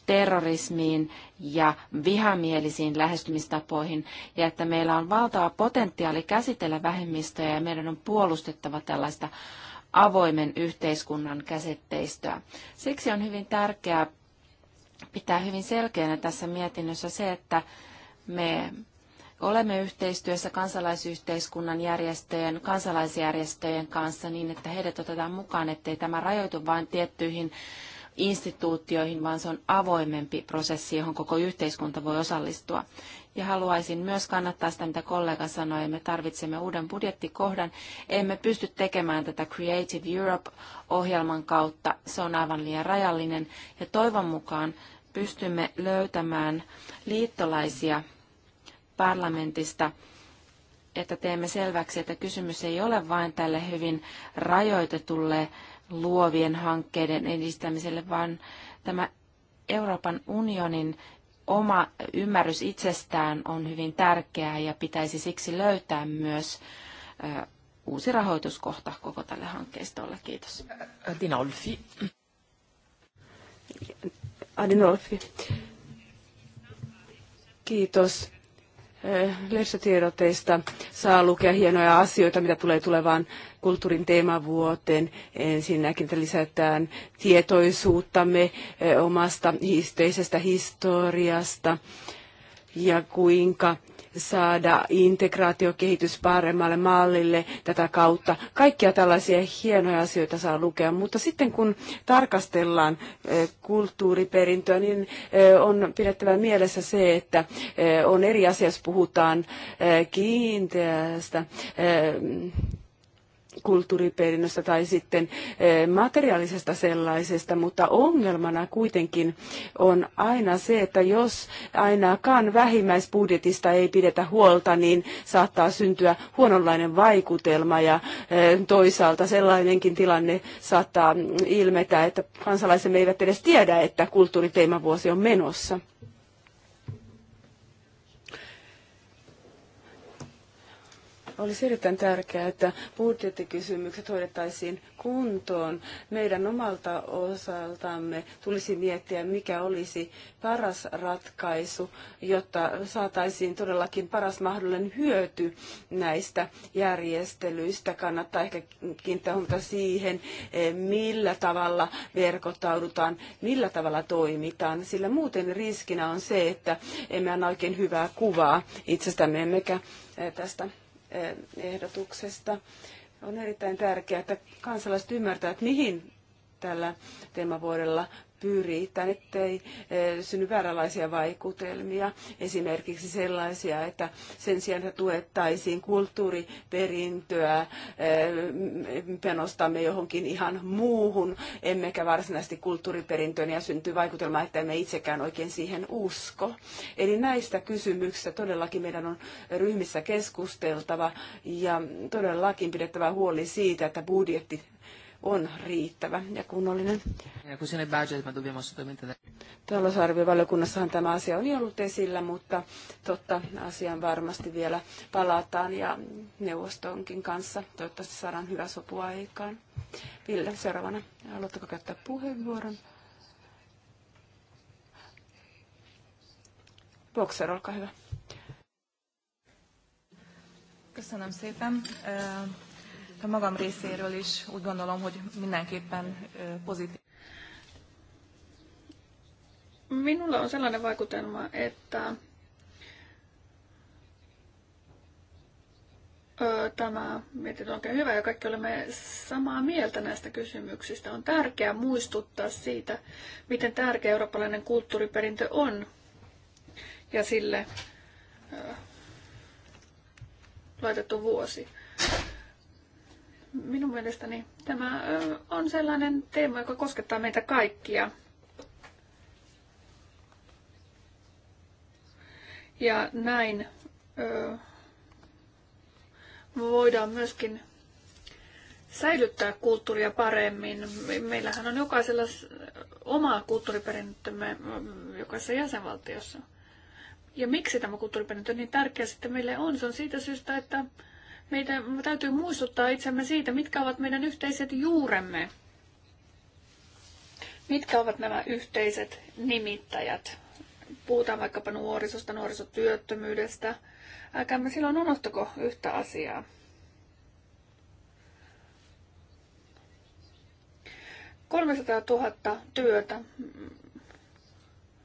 terrorismiin ja vihamielisiin lähestymistapoihin, ja että meillä on valtava potentiaali käsitellä vähemmistöjä, ja meidän on puolustettava tällaista avoimen yhteiskunnan käsitteistöä. Siksi on hyvin tärkeää pitää hyvin selkeänä tässä mietinnössä se, että me olemme yhteistyössä kansalaisyhteiskunnan järjestöjen, kansalaisjärjestöjen kanssa niin, että heidät otetaan mukaan, ettei tämä rajoitu vain tiettyihin instituutioihin, vaan se on avoimempi prosessi, johon koko yhteiskunta voi osallistua. Ja haluaisin myös kannattaa sitä, mitä kollega sanoi. Me tarvitsemme uuden budjettikohdan. Emme pysty tekemään tätä Creative Europe-ohjelman kautta. Se on aivan liian rajallinen. Ja toivon mukaan pystymme löytämään liittolaisia parlamentista, että teemme selväksi, että kysymys ei ole vain tälle hyvin rajoitetulle luovien hankkeiden edistämiselle, vaan tämä Euroopan unionin oma ymmärrys itsestään on hyvin tärkeää ja pitäisi siksi löytää myös uusi rahoituskohta koko tälle hankkeistolle. Kiitos. Adinolfi. Adinolfi. Kiitos. Eh, lehdistötiedoteista saa lukea hienoja asioita, mitä tulee tulevaan kulttuurin teemavuoteen. Ensinnäkin, että lisätään tietoisuuttamme eh, omasta yhteisestä historiasta ja kuinka saada integraatiokehitys paremmalle mallille tätä kautta. Kaikkia tällaisia hienoja asioita saa lukea, mutta sitten kun tarkastellaan eh, kulttuuriperintöä, niin eh, on pidettävä mielessä se, että eh, on eri asia, jos puhutaan kiinteästä kulttuuriperinnöstä tai sitten eh, materiaalisesta sellaisesta, mutta ongelmana kuitenkin on aina se, että jos ainakaan vähimmäisbudjetista ei pidetä huolta, niin saattaa syntyä huononlainen vaikutelma ja eh, toisaalta sellainenkin tilanne saattaa mm, ilmetä, että kansalaisemme eivät edes tiedä, että kulttuuriteemavuosi on menossa. Olisi erittäin tärkeää, että budjettikysymykset hoidettaisiin kuntoon. Meidän omalta osaltamme tulisi miettiä, mikä olisi paras ratkaisu, jotta saataisiin todellakin paras mahdollinen hyöty näistä järjestelyistä. Kannattaa ehkä kiinnittää huomiota siihen, eh, millä tavalla verkottaudutaan, millä tavalla toimitaan, sillä muuten riskinä on se, että emme anna oikein hyvää kuvaa itsestämme emmekä eh, tästä ehdotuksesta. On erittäin tärkeää, että kansalaiset ymmärtävät, mihin tällä teemavuodella pyritään, ettei eh, synny vääränlaisia vaikutelmia, esimerkiksi sellaisia, että sen sijaan, että tuettaisiin kulttuuriperintöä, eh, penostamme johonkin ihan muuhun, emmekä varsinaisesti kulttuuriperintöön, ja syntyy vaikutelma, että emme itsekään oikein siihen usko. Eli näistä kysymyksistä todellakin meidän on ryhmissä keskusteltava, ja todellakin pidettävä huoli siitä, että budjetti on riittävä ja kunnollinen. Talousarviovaliokunnassahan tämä asia on jo ollut esillä, mutta totta asiaan varmasti vielä palataan ja neuvostonkin kanssa toivottavasti saadaan hyvä sopu aikaan. Ville, seuraavana haluatteko käyttää puheenvuoron? Boxer, olkaa hyvä. Köszönöm szépen a magam részéről is úgy gondolom, hogy mindenképpen pozitív. Minulla on sellainen vaikutelma, että tämä mietintö on oikein hyvä ja kaikki olemme samaa mieltä näistä kysymyksistä. On tärkeää muistuttaa siitä, miten tärkeä eurooppalainen kulttuuriperintö on ja sille laitettu vuosi. Minun mielestäni tämä on sellainen teema, joka koskettaa meitä kaikkia. Ja näin voidaan myöskin säilyttää kulttuuria paremmin. Meillähän on jokaisella omaa kulttuuriperintömme jokaisessa jäsenvaltiossa. Ja miksi tämä kulttuuriperintö niin tärkeä sitten meille on? Se on siitä syystä, että meidän täytyy muistuttaa itsemme siitä, mitkä ovat meidän yhteiset juuremme. Mitkä ovat nämä yhteiset nimittäjät? Puhutaan vaikkapa nuorisosta, nuorisotyöttömyydestä. Älkäämme silloin unohtako yhtä asiaa. tuhatta työtä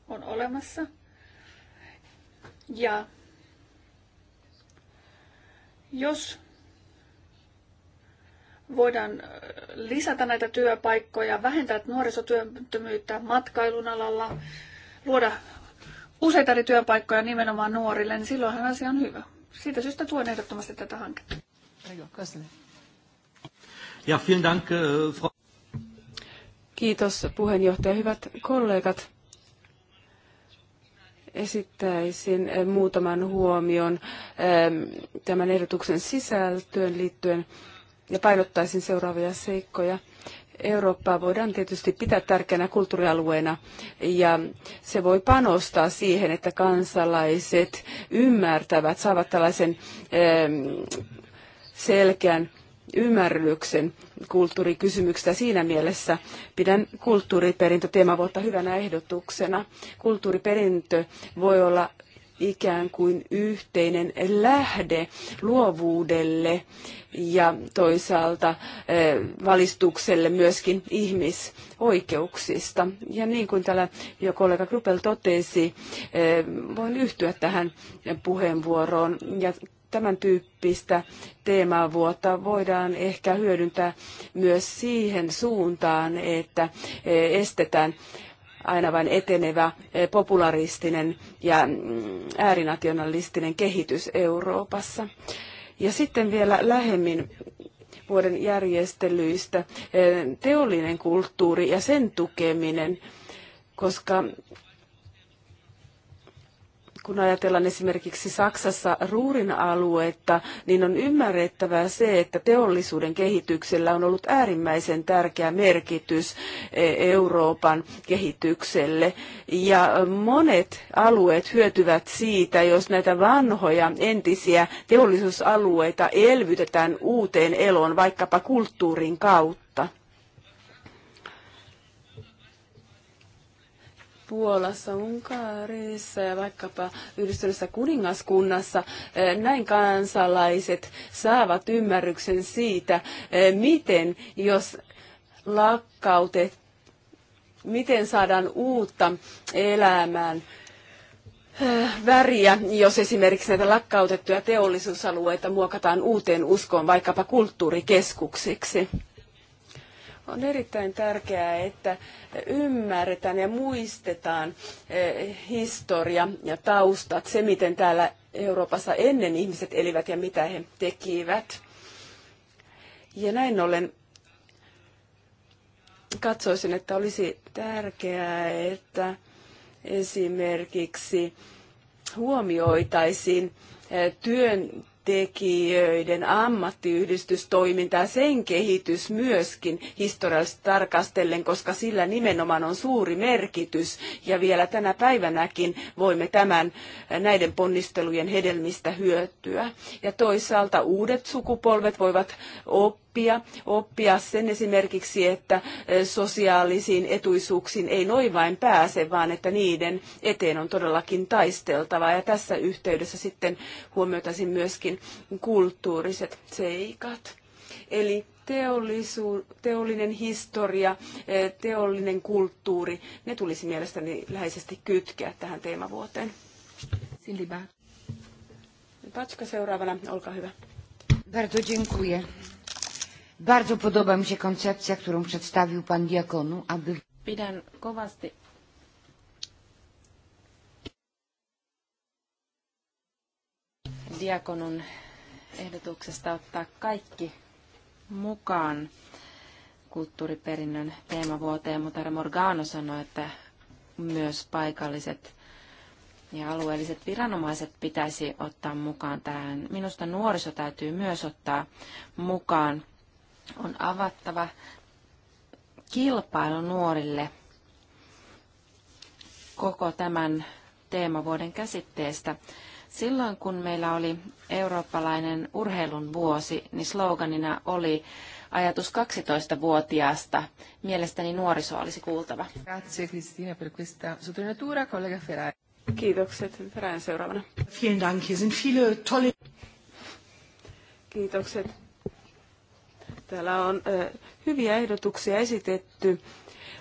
on olemassa. Ja jos voidaan äh, lisätä näitä työpaikkoja, vähentää nuorisotyöttömyyttä matkailun alalla, luoda useita eri työpaikkoja nimenomaan nuorille, niin silloinhan asia on hyvä. Siitä syystä tuen ehdottomasti tätä hanketta. Ja, vielen Dank, äh, Frau. Kiitos puheenjohtaja. Hyvät kollegat esittäisin eh, muutaman huomion eh, tämän ehdotuksen sisältöön liittyen ja painottaisin seuraavia seikkoja. Eurooppaa voidaan tietysti pitää tärkeänä kulttuurialueena ja se voi panostaa siihen, että kansalaiset ymmärtävät, saavat tällaisen eh, selkeän ymmärryksen kulttuurikysymyksistä. Siinä mielessä pidän kulttuuriperintöteemavuotta hyvänä ehdotuksena. Kulttuuriperintö voi olla ikään kuin yhteinen lähde luovuudelle ja toisaalta eh, valistukselle myöskin ihmisoikeuksista. Ja niin kuin täällä jo kollega Krupel totesi, eh, voin yhtyä tähän puheenvuoroon ja tämän tyyppistä teemavuotta voidaan ehkä hyödyntää myös siihen suuntaan, että e, estetään aina vain etenevä e, popularistinen ja mm, äärinationalistinen kehitys Euroopassa. Ja sitten vielä lähemmin vuoden järjestelyistä e, teollinen kulttuuri ja sen tukeminen, koska kun ajatellaan esimerkiksi Saksassa Ruurin aluetta, niin on ymmärrettävää se, että teollisuuden kehityksellä on ollut äärimmäisen tärkeä merkitys e, Euroopan kehitykselle. Ja monet alueet hyötyvät siitä, jos näitä vanhoja entisiä teollisuusalueita elvytetään uuteen eloon vaikkapa kulttuurin kautta. Puolassa, Unkarissa ja vaikkapa yhdistyneessä kuningaskunnassa eh, näin kansalaiset saavat ymmärryksen siitä, eh, miten jos lakkautet, miten saadaan uutta elämään eh, väriä, jos esimerkiksi näitä lakkautettuja teollisuusalueita muokataan uuteen uskoon vaikkapa kulttuurikeskuksiksi. On erittäin tärkeää, että ymmärretään ja muistetaan eh, historia ja taustat, se miten täällä Euroopassa ennen ihmiset elivät ja mitä he tekivät. Ja näin ollen katsoisin, että olisi tärkeää, että esimerkiksi huomioitaisiin eh, työn tekijöiden ammattiyhdistystoiminta ja sen kehitys myöskin historiallisesti tarkastellen, koska sillä nimenomaan on suuri merkitys ja vielä tänä päivänäkin voimme tämän näiden ponnistelujen hedelmistä hyötyä. Ja toisaalta uudet sukupolvet voivat oppia oppia, oppia sen esimerkiksi, että sosiaalisiin etuisuuksiin ei noin vain pääse, vaan että niiden eteen on todellakin taisteltava. Ja tässä yhteydessä sitten huomioitaisin myöskin myöskin kulttuuriset seikat. Eli teollisu, teollinen historia, eh, teollinen kulttuuri, ne tulisi mielestäni läheisesti kytkeä tähän teemavuoteen. Silti Paczka seuraavana, olkaa hyvä. Bardzo dziękuję. Bardzo podoba mi się koncepcja, którą przedstawił pan Diakonu, aby... Pidän kovasti Diakonun ehdotuksesta ottaa kaikki mukaan kulttuuriperinnön teemavuoteen, mutta herra Morgano sanoi, että myös paikalliset ja alueelliset viranomaiset pitäisi ottaa mukaan tähän. Minusta nuoriso täytyy myös ottaa mukaan. On avattava kilpailu nuorille koko tämän teemavuoden käsitteestä. Silloin kun meillä oli eurooppalainen urheilun vuosi, niin sloganina oli ajatus 12-vuotiaasta. Mielestäni nuoriso olisi kuultava. Grazie Cristina per questa sottolineatura, collega Ferrari. Kiitokset. Ferrain seuraavana. Vielen Dank. Hier sind viele tolle... Kiitokset. Täällä on äh, hyviä ehdotuksia esitetty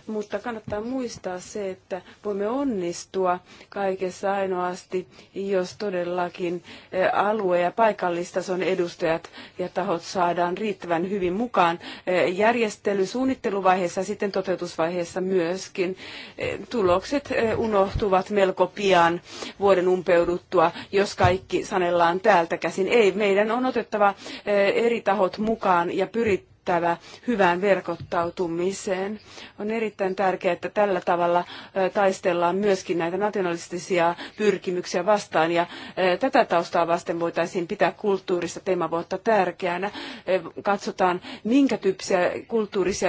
mutta kannattaa muistaa se, että voimme onnistua kaikessa ainoasti, jos todellakin eh, alue- ja paikallistason edustajat ja tahot saadaan riittävän hyvin mukaan eh, järjestely suunnitteluvaiheessa ja sitten toteutusvaiheessa myöskin. Eh, tulokset unohtuvat melko pian vuoden umpeuduttua, jos kaikki sanellaan täältä käsin. Ei, meidän on otettava eri tahot mukaan ja pyrittävä riittävä hyvään verkottautumiseen. On erittäin tärkeää, että tällä tavalla taistellaan myöskin näitä nationalistisia pyrkimyksiä vastaan ja tätä taustaa vasten voitaisiin pitää kulttuurista teemavuotta tärkeänä. Katsotaan, minkä tyyppisiä kulttuurisia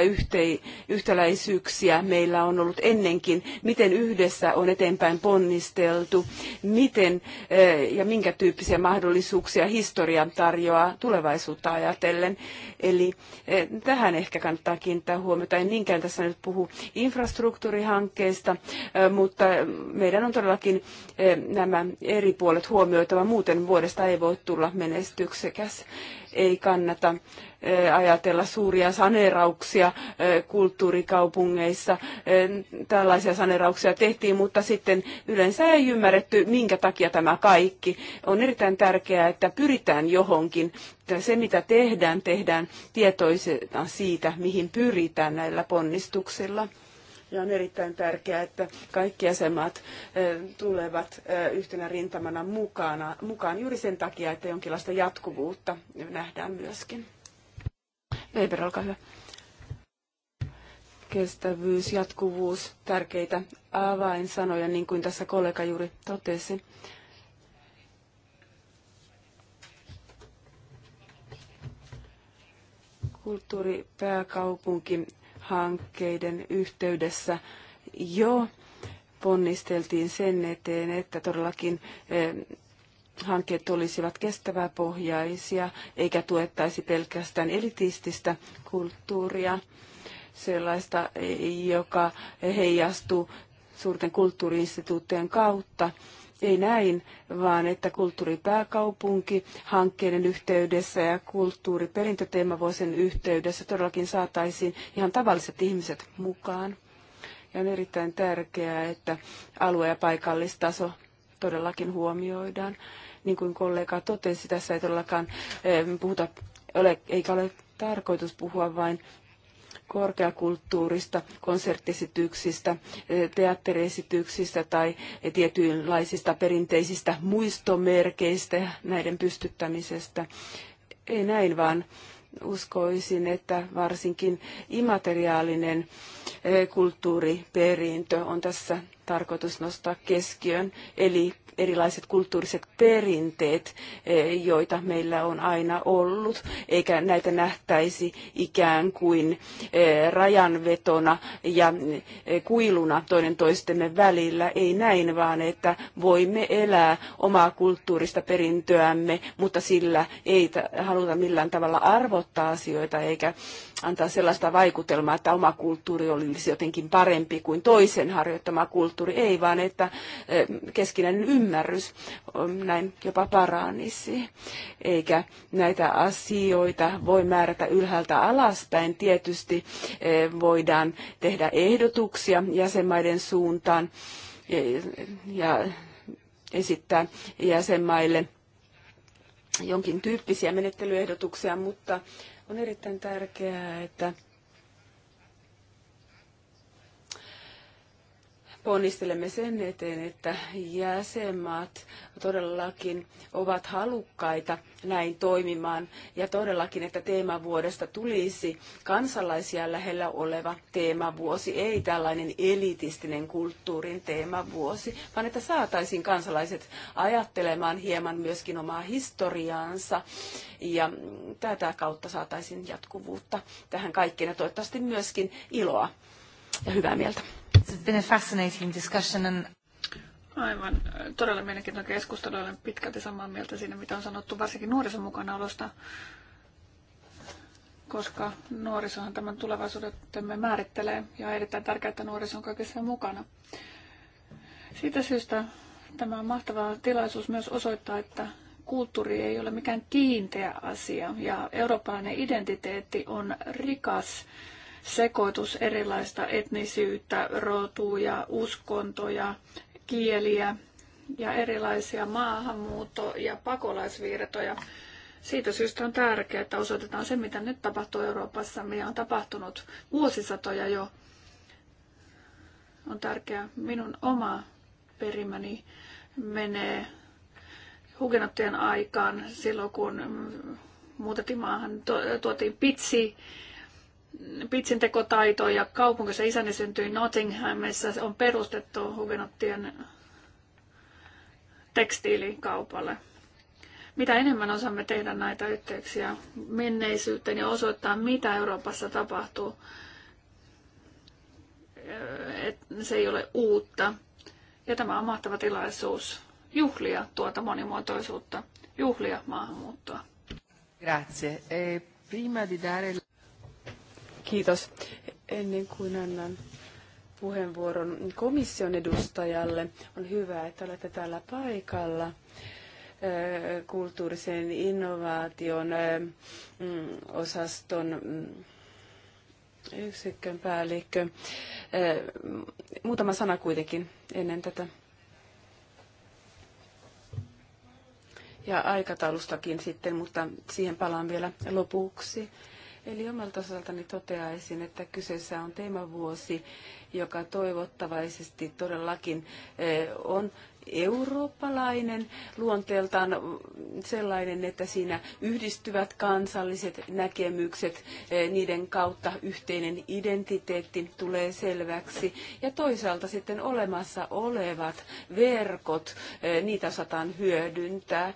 yhtäläisyyksiä meillä on ollut ennenkin, miten yhdessä on eteenpäin ponnisteltu, miten ja minkä tyyppisiä mahdollisuuksia historia tarjoaa tulevaisuutta ajatellen. Eli Tähän ehkä kannattaa kiinnittää huomiota. En niinkään tässä nyt puhu infrastruktuurihankkeista, mutta meidän on todellakin nämä eri puolet huomioitava. Muuten vuodesta ei voi tulla menestyksekäs ei kannata ajatella suuria sanerauksia kulttuurikaupungeissa. Tällaisia sanerauksia tehtiin, mutta sitten yleensä ei ymmärretty, minkä takia tämä kaikki. On erittäin tärkeää, että pyritään johonkin. Se, mitä tehdään, tehdään tietoisena siitä, mihin pyritään näillä ponnistuksilla. Ja on erittäin tärkeää, että kaikki jäsenmaat tulevat yhtenä rintamana mukana, mukaan juuri sen takia, että jonkinlaista jatkuvuutta nähdään myöskin. Weber, olkaa hyvä. Kestävyys, jatkuvuus, tärkeitä avainsanoja, niin kuin tässä kollega juuri totesi. kulttuuripääkaupunki hankkeiden yhteydessä jo ponnisteltiin sen eteen, että todellakin eh, hankkeet olisivat kestäväpohjaisia, eikä tuettaisi pelkästään elitististä kulttuuria, sellaista, eh, joka heijastuu suurten kulttuuriinstituuttien kautta, ei näin, vaan että kulttuuripääkaupunki hankkeiden yhteydessä ja kulttuuriperintöteemavuosien yhteydessä todellakin saataisiin ihan tavalliset ihmiset mukaan. Ja on erittäin tärkeää, että alue- ja paikallistaso todellakin huomioidaan. Niin kuin kollega totesi, tässä ei todellakaan eh, puhuta, ole, eikä ole tarkoitus puhua vain korkeakulttuurista, konserttiesityksistä, e, teatteriesityksistä tai tietynlaisista perinteisistä muistomerkeistä ja näiden pystyttämisestä. Ei näin, vaan uskoisin, että varsinkin immateriaalinen e, kulttuuriperintö on tässä tarkoitus nostaa keskiön, eli erilaiset kulttuuriset perinteet, eh, joita meillä on aina ollut, eikä näitä nähtäisi ikään kuin eh, rajanvetona ja eh, kuiluna toinen toistemme välillä. Ei näin, vaan että voimme elää omaa kulttuurista perintöämme, mutta sillä ei haluta millään tavalla arvottaa asioita eikä antaa sellaista vaikutelmaa, että oma kulttuuri olisi jotenkin parempi kuin toisen harjoittama kulttuuri. Ei, vaan että keskinäinen ymmärrys ymmärrys näin jopa paranisi, eikä näitä asioita voi määrätä ylhäältä alaspäin. Tietysti eh, voidaan tehdä ehdotuksia jäsenmaiden suuntaan eh, ja esittää jäsenmaille jonkin tyyppisiä menettelyehdotuksia, mutta on erittäin tärkeää, että ponnistelemme sen eteen, että jäsenmaat todellakin ovat halukkaita näin toimimaan ja todellakin, että teemavuodesta tulisi kansalaisia lähellä oleva teemavuosi, ei tällainen elitistinen kulttuurin teemavuosi, vaan että saataisiin kansalaiset ajattelemaan hieman myöskin omaa historiaansa ja tätä kautta saataisiin jatkuvuutta tähän kaikkeen ja toivottavasti myöskin iloa ja hyvää mieltä. It's been a fascinating discussion and... Aivan. Todella mielenkiintoinen keskustelu. Olen pitkälti samaa mieltä siinä, mitä on sanottu, varsinkin nuorison mukanaolosta, koska nuorisohan tämän tulevaisuudemme määrittelee ja on erittäin tärkeää, että nuoriso on kaikessa mukana. Siitä syystä tämä on mahtava tilaisuus myös osoittaa, että kulttuuri ei ole mikään kiinteä asia ja eurooppalainen identiteetti on rikas sekoitus erilaista etnisyyttä, rotuja, uskontoja, kieliä ja erilaisia maahanmuutto- ja pakolaisvirtoja. Siitä syystä on tärkeää, että osoitetaan se, mitä nyt tapahtuu Euroopassa, mitä on tapahtunut vuosisatoja jo. On tärkeää. Minun oma perimäni menee hugenottien aikaan silloin, kun muutettiin maahan, tuotiin pitsi pitsintekotaito ja kaupunki, se isäni syntyi Nottinghamissa, on perustettu hugenottien tekstiilikaupalle. Mitä enemmän osaamme tehdä näitä yhteyksiä menneisyyteen ja osoittaa, mitä Euroopassa tapahtuu, että se ei ole uutta. Ja tämä on mahtava tilaisuus juhlia tuota monimuotoisuutta, juhlia maahanmuuttoa. Grazie. E prima di dare... Kiitos. Ennen kuin annan puheenvuoron komission edustajalle, on hyvä, että olette täällä paikalla eh, kulttuurisen innovaation eh, osaston mm, yksikön päällikkö. Eh, muutama sana kuitenkin ennen tätä. Ja aikataulustakin sitten, mutta siihen palaan vielä lopuksi. Eli omalta osaltani toteaisin, että kyseessä on teemavuosi, joka toivottavaisesti todellakin eh, on eurooppalainen luonteeltaan sellainen, että siinä yhdistyvät kansalliset näkemykset, e, niiden kautta yhteinen identiteetti tulee selväksi. Ja toisaalta sitten olemassa olevat verkot, e, niitä osataan hyödyntää.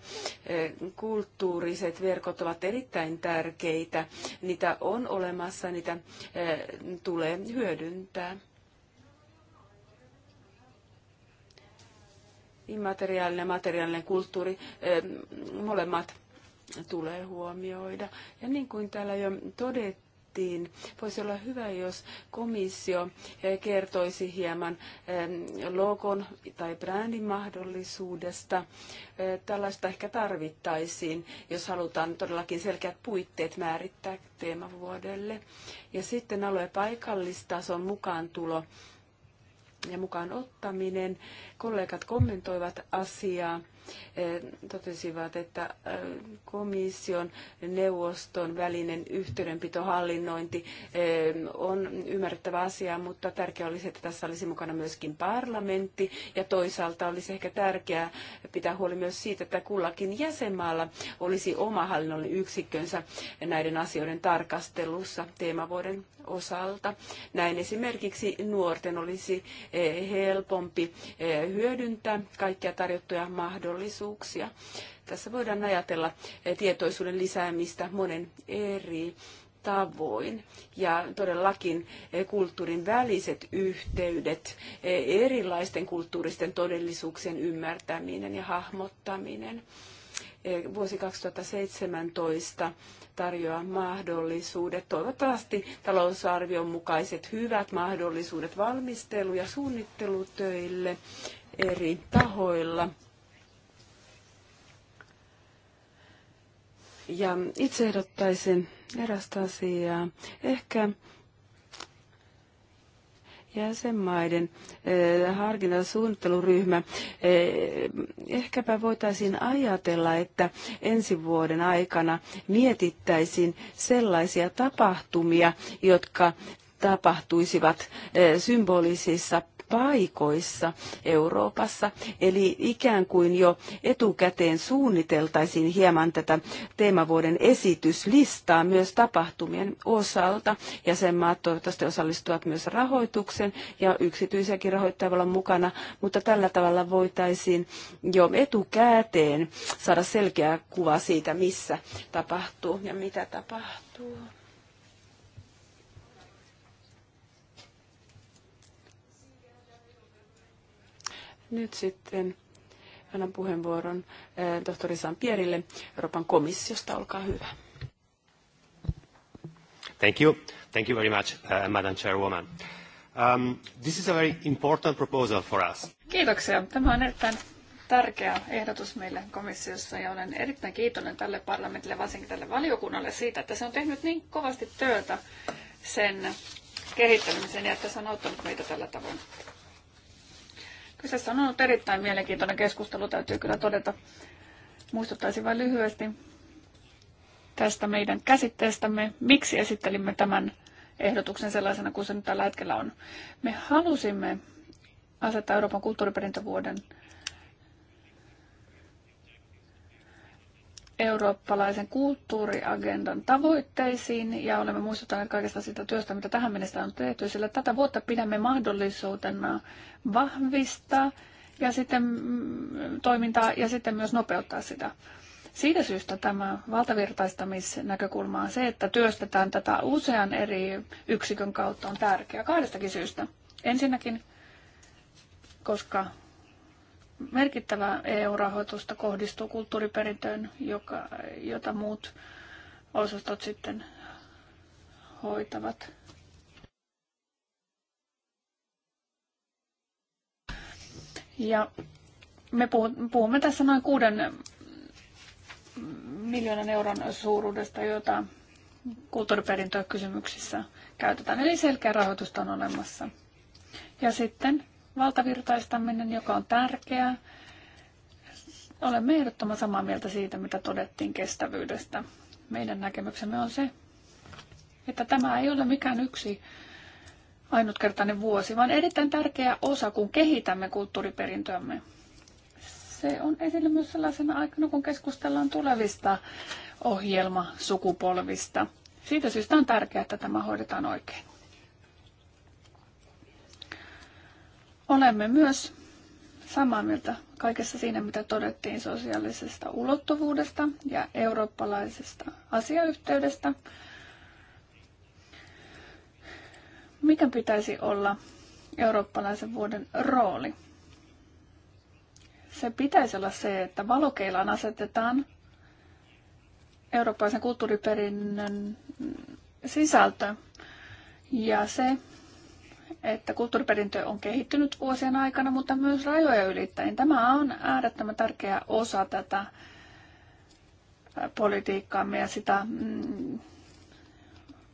E, kulttuuriset verkot ovat erittäin tärkeitä. Niitä on olemassa, niitä tulee hyödyntää. immateriaalinen ja materiaalinen kulttuuri, molemmat tulee huomioida. Ja niin kuin täällä jo todettiin, Voisi olla hyvä, jos komissio eh, kertoisi hieman logon tai brändin mahdollisuudesta. Eh, tällaista ehkä tarvittaisiin, jos halutaan todellakin selkeät puitteet määrittää teemavuodelle. Ja sitten alue paikallistason mukaantulo. tulo ja mukaan ottaminen. Kollegat kommentoivat asiaa totesivat, että komission neuvoston välinen yhteydenpitohallinnointi on ymmärrettävä asia, mutta tärkeää olisi, että tässä olisi mukana myöskin parlamentti ja toisaalta olisi ehkä tärkeää pitää huoli myös siitä, että kullakin jäsenmaalla olisi oma hallinnollinen yksikkönsä näiden asioiden tarkastelussa teemavuoden osalta. Näin esimerkiksi nuorten olisi helpompi hyödyntää kaikkia tarjottuja mahdollisuuksia mahdollisuuksia. Tässä voidaan ajatella eh, tietoisuuden lisäämistä monen eri tavoin. Ja todellakin eh, kulttuurin väliset yhteydet, eh, erilaisten kulttuuristen todellisuuksien ymmärtäminen ja hahmottaminen. Vuosi 2017 tarjoaa mahdollisuudet, toivottavasti talousarvion mukaiset hyvät mahdollisuudet valmistelu- ja suunnittelutöille eri tahoilla – Ja itse ehdottaisin erästä asiaa. Ehkä jäsenmaiden eh, harkintasuunnitteluryhmä. suunnitteluryhmä. Ehkäpä voitaisiin ajatella, että ensi vuoden aikana mietittäisiin sellaisia tapahtumia, jotka tapahtuisivat eh, symbolisissa paikoissa Euroopassa. Eli ikään kuin jo etukäteen suunniteltaisiin hieman tätä teemavuoden esityslistaa myös tapahtumien osalta. Jäsenmaat toivottavasti osallistuvat myös rahoituksen ja yksityisiäkin rahoittajia olla mukana, mutta tällä tavalla voitaisiin jo etukäteen saada selkeä kuva siitä, missä tapahtuu ja mitä tapahtuu. Nyt sitten annan puheenvuoron eh, tohtori Sampierille Euroopan komissiosta. Olkaa hyvä. Thank you. Thank you very much, uh, Madam Chairwoman. Um, this is a very important proposal for us. Kiitoksia. Tämä on erittäin tärkeä ehdotus meille komissiossa ja olen erittäin kiitollinen tälle parlamentille, varsinkin tälle valiokunnalle siitä, että se on tehnyt niin kovasti työtä sen kehittämisen ja että se on auttanut meitä tällä tavoin. Kyseessä on ollut erittäin mielenkiintoinen keskustelu, täytyy kyllä todeta. Muistuttaisin vain lyhyesti tästä meidän käsitteestämme, miksi esittelimme tämän ehdotuksen sellaisena kuin se nyt tällä hetkellä on. Me halusimme asettaa Euroopan kulttuuriperintövuoden eurooppalaisen kulttuuriagendan tavoitteisiin ja olemme muistuttaneet kaikesta sitä työstä, mitä tähän mennessä on tehty, sillä tätä vuotta pidämme mahdollisuutena vahvistaa ja sitten mm, toimintaa ja sitten myös nopeuttaa sitä. Siitä syystä tämä valtavirtaistamisnäkökulma on se, että työstetään tätä usean eri yksikön kautta on tärkeää kahdestakin syystä. Ensinnäkin, koska merkittävää EU-rahoitusta kohdistuu kulttuuriperintöön, joka, jota muut osastot sitten hoitavat. Ja me puhumme tässä noin kuuden miljoonan euron suuruudesta, jota kulttuuriperintökysymyksissä käytetään. Eli selkeä rahoitusta on olemassa. Ja sitten valtavirtaistaminen, joka on tärkeää. Olemme ehdottoman samaa mieltä siitä, mitä todettiin kestävyydestä. Meidän näkemyksemme on se, että tämä ei ole mikään yksi ainutkertainen vuosi, vaan erittäin tärkeä osa, kun kehitämme kulttuuriperintöämme. Se on esillä myös sellaisena aikana, kun keskustellaan tulevista ohjelmasukupolvista. Siitä syystä on tärkeää, että tämä hoidetaan oikein. Olemme myös samaa mieltä kaikessa siinä, mitä todettiin sosiaalisesta ulottuvuudesta ja eurooppalaisesta asiayhteydestä. Mikä pitäisi olla eurooppalaisen vuoden rooli? Se pitäisi olla se, että valokeilaan asetetaan eurooppalaisen kulttuuriperinnön sisältö ja se, että kulttuuriperintö on kehittynyt vuosien aikana, mutta myös rajoja ylittäen. Tämä on äärettömän tärkeä osa tätä politiikkaamme ja sitä mm,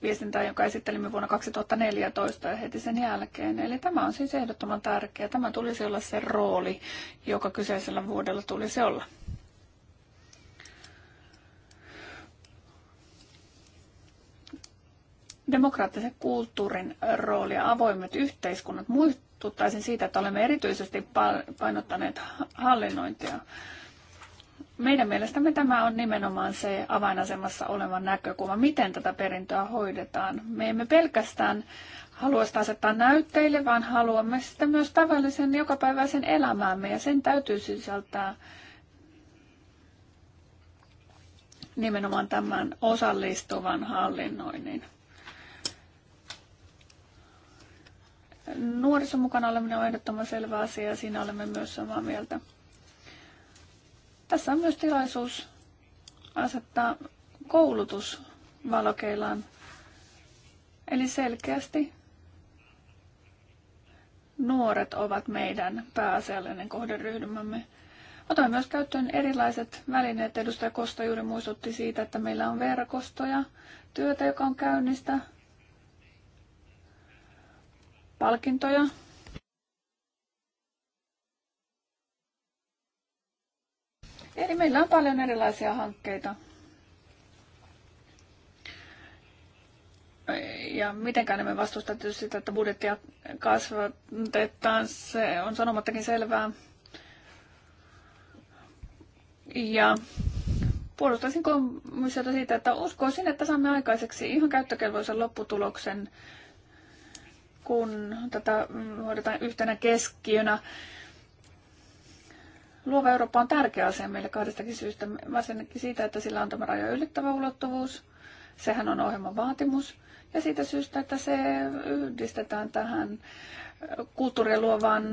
viestintää, jonka esittelimme vuonna 2014 ja heti sen jälkeen. Eli tämä on siis ehdottoman tärkeä. Tämä tulisi olla se rooli, joka kyseisellä vuodella tulisi olla. demokraattisen kulttuurin rooli ja avoimet yhteiskunnat. Muistuttaisin siitä, että olemme erityisesti painottaneet hallinnointia. Meidän mielestämme tämä on nimenomaan se avainasemassa oleva näkökulma, miten tätä perintöä hoidetaan. Me emme pelkästään halua sitä asettaa näytteille, vaan haluamme sitä myös tavallisen jokapäiväisen elämäämme ja sen täytyy sisältää nimenomaan tämän osallistuvan hallinnoinnin. Nuorissa mukana oleminen on ehdottoman selvä asia ja siinä olemme myös samaa mieltä. Tässä on myös tilaisuus asettaa koulutus valokeilaan. Eli selkeästi nuoret ovat meidän pääasiallinen kohderyhmämme. Otan myös käyttöön erilaiset välineet. Edustaja Kosta juuri muistutti siitä, että meillä on verkostoja, työtä, joka on käynnistä, palkintoja. Eli meillä on paljon erilaisia hankkeita. Ja mitenkään emme vastusta sitä, että budjettia kasvatetaan. Se on sanomattakin selvää. Ja puolustaisin komissiota siitä, että uskoisin, että saamme aikaiseksi ihan käyttökelpoisen lopputuloksen kun tätä hoidetaan yhtenä keskiönä. Luova Eurooppa on tärkeä asia meille kahdestakin syystä. Varsinkin siitä, että sillä on tämä raja ylittävä ulottuvuus. Sehän on ohjelman vaatimus. Ja siitä syystä, että se yhdistetään tähän kulttuurien luovaan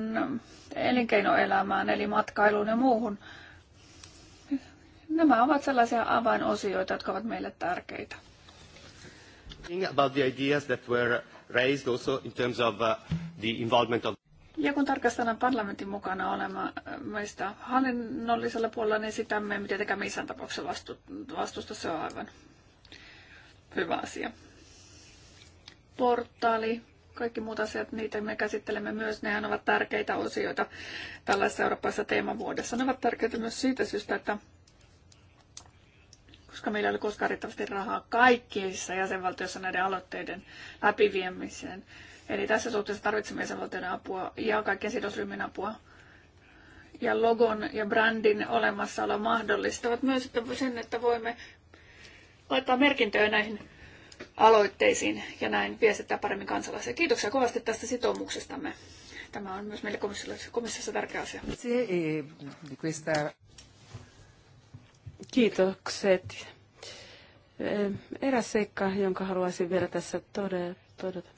elinkeinoelämään, eli matkailuun ja muuhun. Nämä ovat sellaisia avainosioita, jotka ovat meille tärkeitä. About the ideas that were raised also in terms of uh, the involvement of ja kun tarkastellaan parlamentin mukana olemista äh, hallinnollisella puolella, niin sitä me emme tietenkään missään tapauksessa vastu, vastusta. Se on aivan hyvä asia. Portaali, kaikki muut asiat, niitä me käsittelemme myös. Nehän ovat tärkeitä osioita tällaisessa eurooppaisessa teemavuodessa. Ne ovat tärkeitä myös siitä syystä, että koska meillä ei ole koskaan riittävästi rahaa kaikissa jäsenvaltioissa näiden aloitteiden läpiviemiseen. Eli tässä suhteessa tarvitsemme jäsenvaltioiden apua ja kaikkien sidosryhmien apua. Ja logon ja brändin olemassaolo mahdollistavat myös että sen, että voimme laittaa merkintöjä näihin aloitteisiin ja näin viestittää paremmin kansalaisia. Kiitoksia kovasti tästä sitoumuksestamme. Tämä on myös meille komissiossa tärkeä asia. Eh, Kiitokset. Eräs seikka, jonka haluaisin vielä tässä todeta.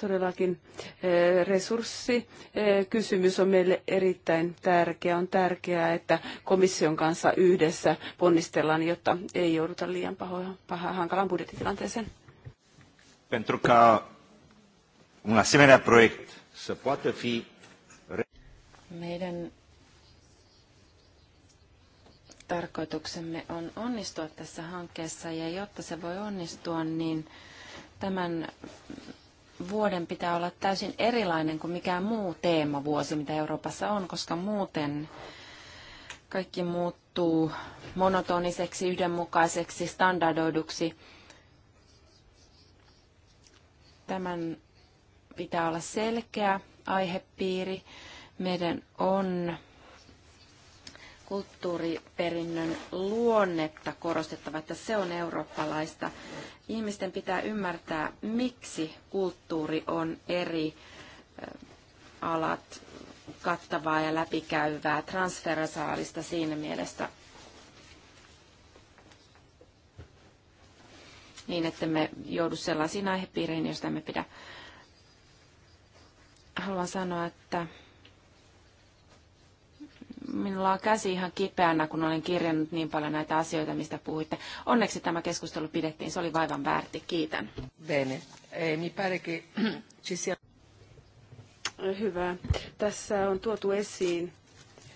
Todellakin resurssikysymys on meille erittäin tärkeä. On tärkeää, että komission kanssa yhdessä ponnistellaan, jotta ei jouduta liian pahoin, paha, hankalaan budjettitilanteeseen. Pentru ca un asemenea proiect să poată fi... Meidän tarkoituksemme on onnistua tässä hankkeessa ja jotta se voi onnistua, niin tämän vuoden pitää olla täysin erilainen kuin mikään muu teemavuosi, mitä Euroopassa on, koska muuten kaikki muuttuu monotoniseksi, yhdenmukaiseksi, standardoiduksi. Tämän pitää olla selkeä aihepiiri. Meidän on kulttuuriperinnön luonnetta korostettava, että se on eurooppalaista. Ihmisten pitää ymmärtää, miksi kulttuuri on eri alat kattavaa ja läpikäyvää, transversaalista siinä mielessä, niin että me joudu sellaisiin aihepiireihin, joista me pidä haluan sanoa, että minulla on käsi ihan kipeänä, kun olen kirjannut niin paljon näitä asioita, mistä puhuitte. Onneksi tämä keskustelu pidettiin, se oli vaivan väärti. Kiitän. Bene. Eh, mi pareki, Hyvä. Tässä on tuotu esiin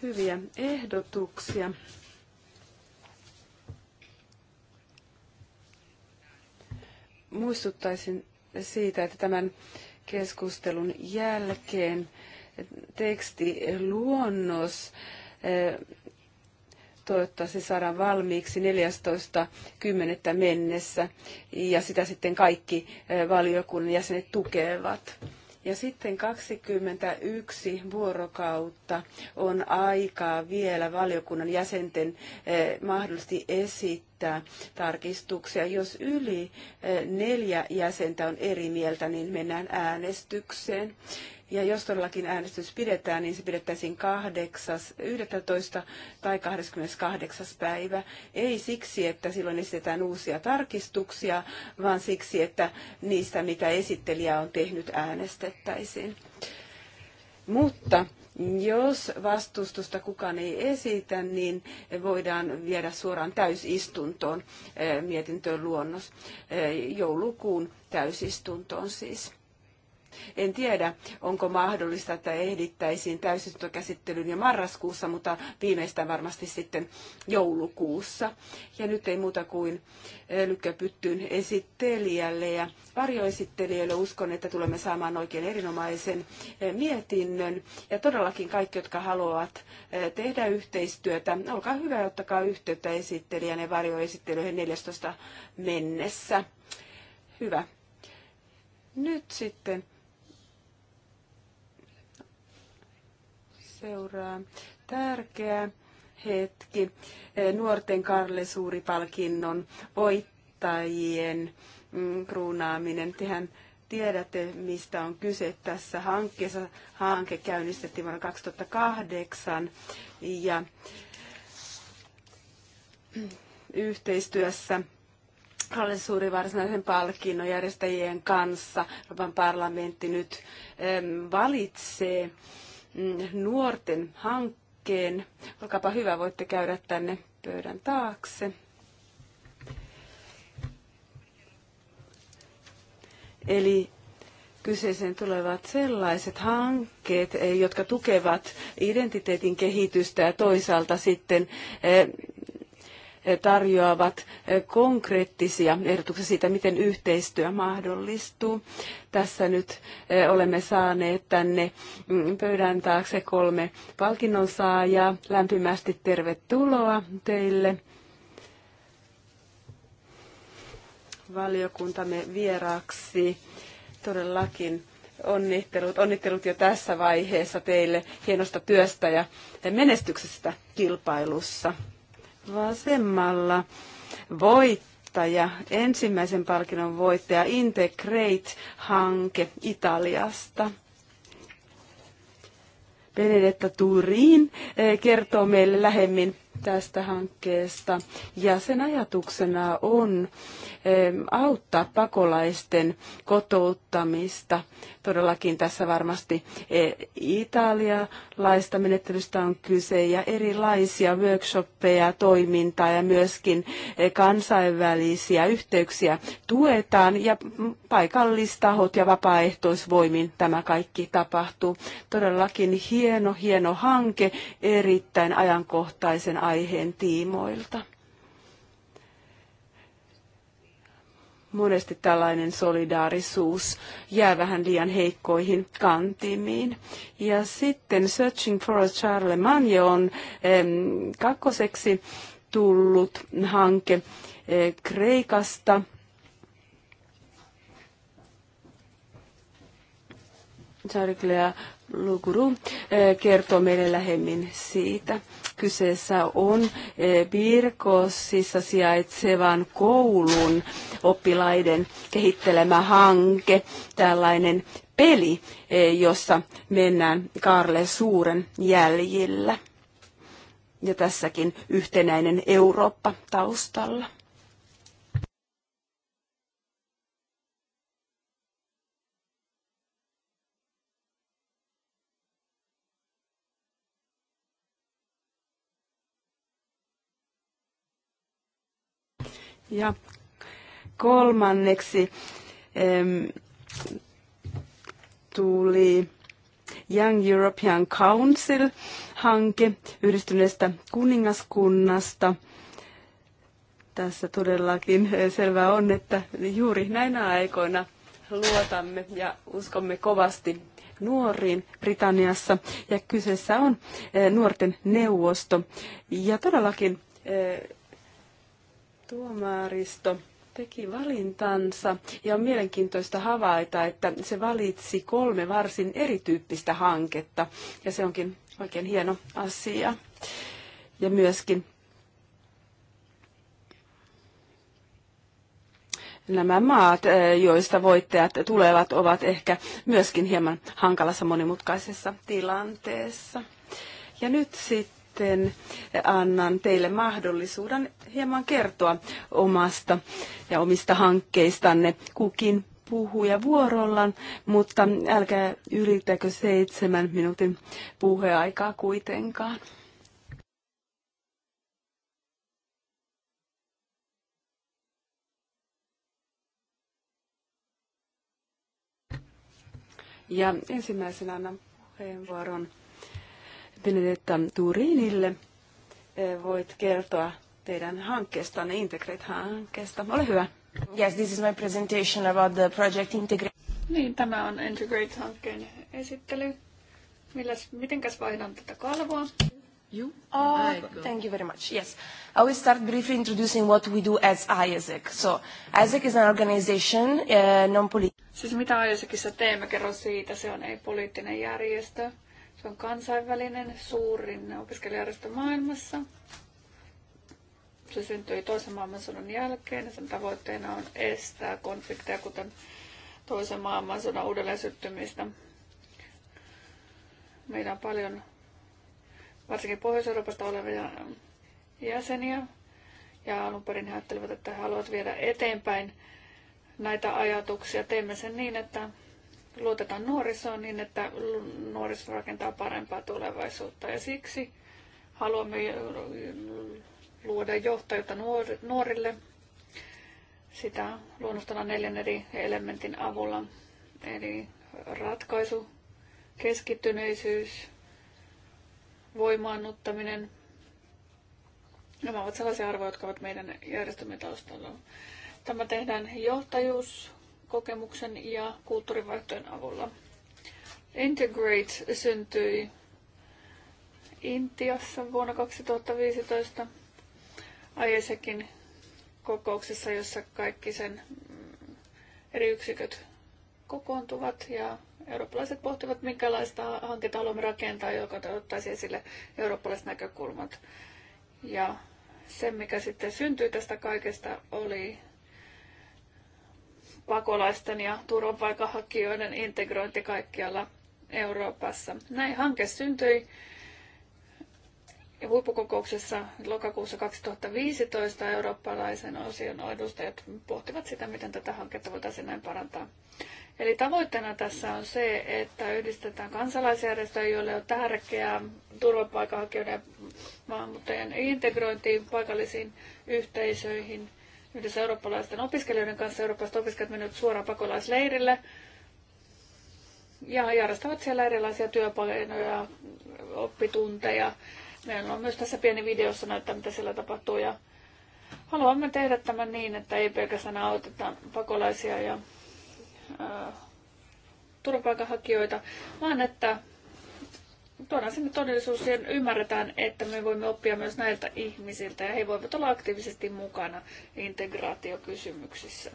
hyviä ehdotuksia. Muistuttaisin siitä, että tämän keskustelun jälkeen tekstiluonnos eh, toivottavasti saadaan valmiiksi 14.10. mennessä ja sitä sitten kaikki eh, valiokunnan jäsenet tukevat. Ja sitten 21 vuorokautta on aikaa vielä valiokunnan jäsenten eh, mahdollisesti esittää tarkistuksia. Jos yli eh, neljä jäsentä on eri mieltä, niin mennään äänestykseen. Ja jos todellakin äänestys pidetään, niin se pidettäisiin 8.11. tai 28. päivä. Ei siksi, että silloin esitetään uusia tarkistuksia, vaan siksi, että niistä, mitä esittelijä on tehnyt, äänestettäisiin. Mutta jos vastustusta kukaan ei esitä, niin voidaan viedä suoraan täysistuntoon eh, mietintöön luonnos eh, joulukuun täysistuntoon siis. En tiedä, onko mahdollista, että ehdittäisiin täysistuntokäsittelyyn jo marraskuussa, mutta viimeistään varmasti sitten joulukuussa. Ja nyt ei muuta kuin eh, lykkäpyttyyn esittelijälle ja varjoesittelijöille. Uskon, että tulemme saamaan oikein erinomaisen eh, mietinnön. Ja todellakin kaikki, jotka haluavat eh, tehdä yhteistyötä, olkaa hyvä ja ottakaa yhteyttä esittelijän ja varjoesittelyihin 14 mennessä. Hyvä. Nyt sitten seuraa tärkeä hetki eh, nuorten Karle Suuri-palkinnon voittajien mm, kruunaaminen. Tehän tiedätte, mistä on kyse tässä hankkeessa. Hanke käynnistettiin vuonna 2008 ja yhteistyössä Kalle Suuri varsinaisen palkinnon järjestäjien kanssa Euroopan parlamentti nyt valitsee nuorten hankkeen. Olkaapa hyvä, voitte käydä tänne pöydän taakse. Eli kyseeseen tulevat sellaiset hankkeet, eh, jotka tukevat identiteetin kehitystä ja toisaalta sitten eh, tarjoavat eh, konkreettisia ehdotuksia siitä, miten yhteistyö mahdollistuu. Tässä nyt eh, olemme saaneet tänne mm, pöydän taakse kolme palkinnon saajaa. Lämpimästi tervetuloa teille. valiokuntamme vieraaksi. Todellakin onnittelut, onnittelut jo tässä vaiheessa teille hienosta työstä ja menestyksestä kilpailussa vasemmalla voittaja, ensimmäisen palkinnon voittaja Integrate-hanke Italiasta. Benedetta Turin eh, kertoo meille lähemmin tästä hankkeesta. Ja sen ajatuksena on auttaa pakolaisten kotouttamista. Todellakin tässä varmasti e, italialaista menettelystä on kyse ja erilaisia workshoppeja, toimintaa ja myöskin e, kansainvälisiä yhteyksiä tuetaan ja paikallistahot ja vapaaehtoisvoimin tämä kaikki tapahtuu. Todellakin hieno, hieno hanke erittäin ajankohtaisen aiheen tiimoilta. Monesti tällainen solidaarisuus jää vähän liian heikkoihin kantimiin. Ja sitten Searching for a Charlemagne on em, kakkoseksi tullut hanke eh, Kreikasta. Kreikasta. Lea Luguru eh, kertoo meille lähemmin siitä kyseessä on eh, Birkosissa sijaitsevan koulun oppilaiden kehittelemä hanke, tällainen peli, eh, jossa mennään Karle Suuren jäljillä. Ja tässäkin yhtenäinen Eurooppa taustalla. Ja kolmanneksi tuli Young European Council-hanke yhdistyneestä kuningaskunnasta. Tässä todellakin eh, selvää on, että juuri näinä aikoina luotamme ja uskomme kovasti nuoriin Britanniassa. Ja kyseessä on eh, nuorten neuvosto. Ja todellakin eh, tuomaristo teki valintansa ja on mielenkiintoista havaita, että se valitsi kolme varsin erityyppistä hanketta ja se onkin oikein hieno asia. Ja myöskin nämä maat, eh, joista voittajat tulevat, ovat ehkä myöskin hieman hankalassa monimutkaisessa tilanteessa. Ja nyt sitten sitten annan teille mahdollisuuden hieman kertoa omasta ja omista hankkeistanne kukin puhuja vuorollaan, mutta älkää ylittäkö seitsemän minuutin puheaikaa kuitenkaan. Ja ensimmäisenä annan puheenvuoron Benedetta Turinille. Eh, voit kertoa teidän hankkeestanne, Integrate-hankkeesta. Ole hyvä. Yes, this is my presentation about the project Integrate. Niin, tämä on Integrate-hankkeen esittely. Milläs, mitenkäs vaihdan tätä kalvoa? You? Oh, thank you very much. Yes. I will start briefly introducing what we do as IASEC. So, IASEC is an organization, uh, eh, non-political. Siis mitä IASECissa teemme, kerro siitä. Se on ei-poliittinen järjestö. Se on kansainvälinen suurin opiskelijärjestö maailmassa. Se syntyi toisen maailmansodan jälkeen ja sen tavoitteena on estää konflikteja, kuten toisen maailmansodan uudelleen syttymistä. Meillä on paljon varsinkin Pohjois-Euroopasta olevia jäseniä ja alun perin he ajattelivat, että he haluavat viedä eteenpäin näitä ajatuksia. Teemme sen niin, että luotetaan nuorisoon niin, että nuoriso rakentaa parempaa tulevaisuutta. Ja siksi haluamme luoda johtajuutta nuorille sitä luonnostana neljän eri elementin avulla. Eli ratkaisu, keskittyneisyys, voimaannuttaminen. Nämä ovat sellaisia arvoja, jotka ovat meidän järjestömme taustalla. Tämä tehdään johtajuus kokemuksen ja kulttuurivaihtojen avulla. Integrate syntyi Intiassa vuonna 2015 Aiesekin kokouksessa, jossa kaikki sen mm, eri yksiköt kokoontuvat ja eurooppalaiset pohtivat, minkälaista hanketta haluamme rakentaa, joka ottaisi esille eurooppalaiset näkökulmat. Ja se, mikä sitten syntyi tästä kaikesta, oli pakolaisten ja turvapaikanhakijoiden integrointi kaikkialla Euroopassa. Näin hanke syntyi huippukokouksessa lokakuussa 2015 eurooppalaisen osion edustajat pohtivat sitä, miten tätä hanketta voitaisiin näin parantaa. Eli tavoitteena tässä on se, että yhdistetään kansalaisjärjestöjä, joille on tärkeää turvapaikanhakijoiden maahanmuuttajien integrointiin paikallisiin yhteisöihin – yhdessä eurooppalaisten opiskelijoiden kanssa. Eurooppalaiset opiskelijat menivät suoraan pakolaisleirille ja järjestävät siellä erilaisia ja oppitunteja. Meillä on myös tässä pieni videossa näyttää, mitä siellä tapahtuu. Ja haluamme tehdä tämän niin, että ei pelkästään auteta pakolaisia ja ää, turvapaikanhakijoita, vaan että tuodaan sinne todellisuus ja ymmärretään, että me voimme oppia myös näiltä ihmisiltä ja he voivat olla aktiivisesti mukana integraatiokysymyksissä.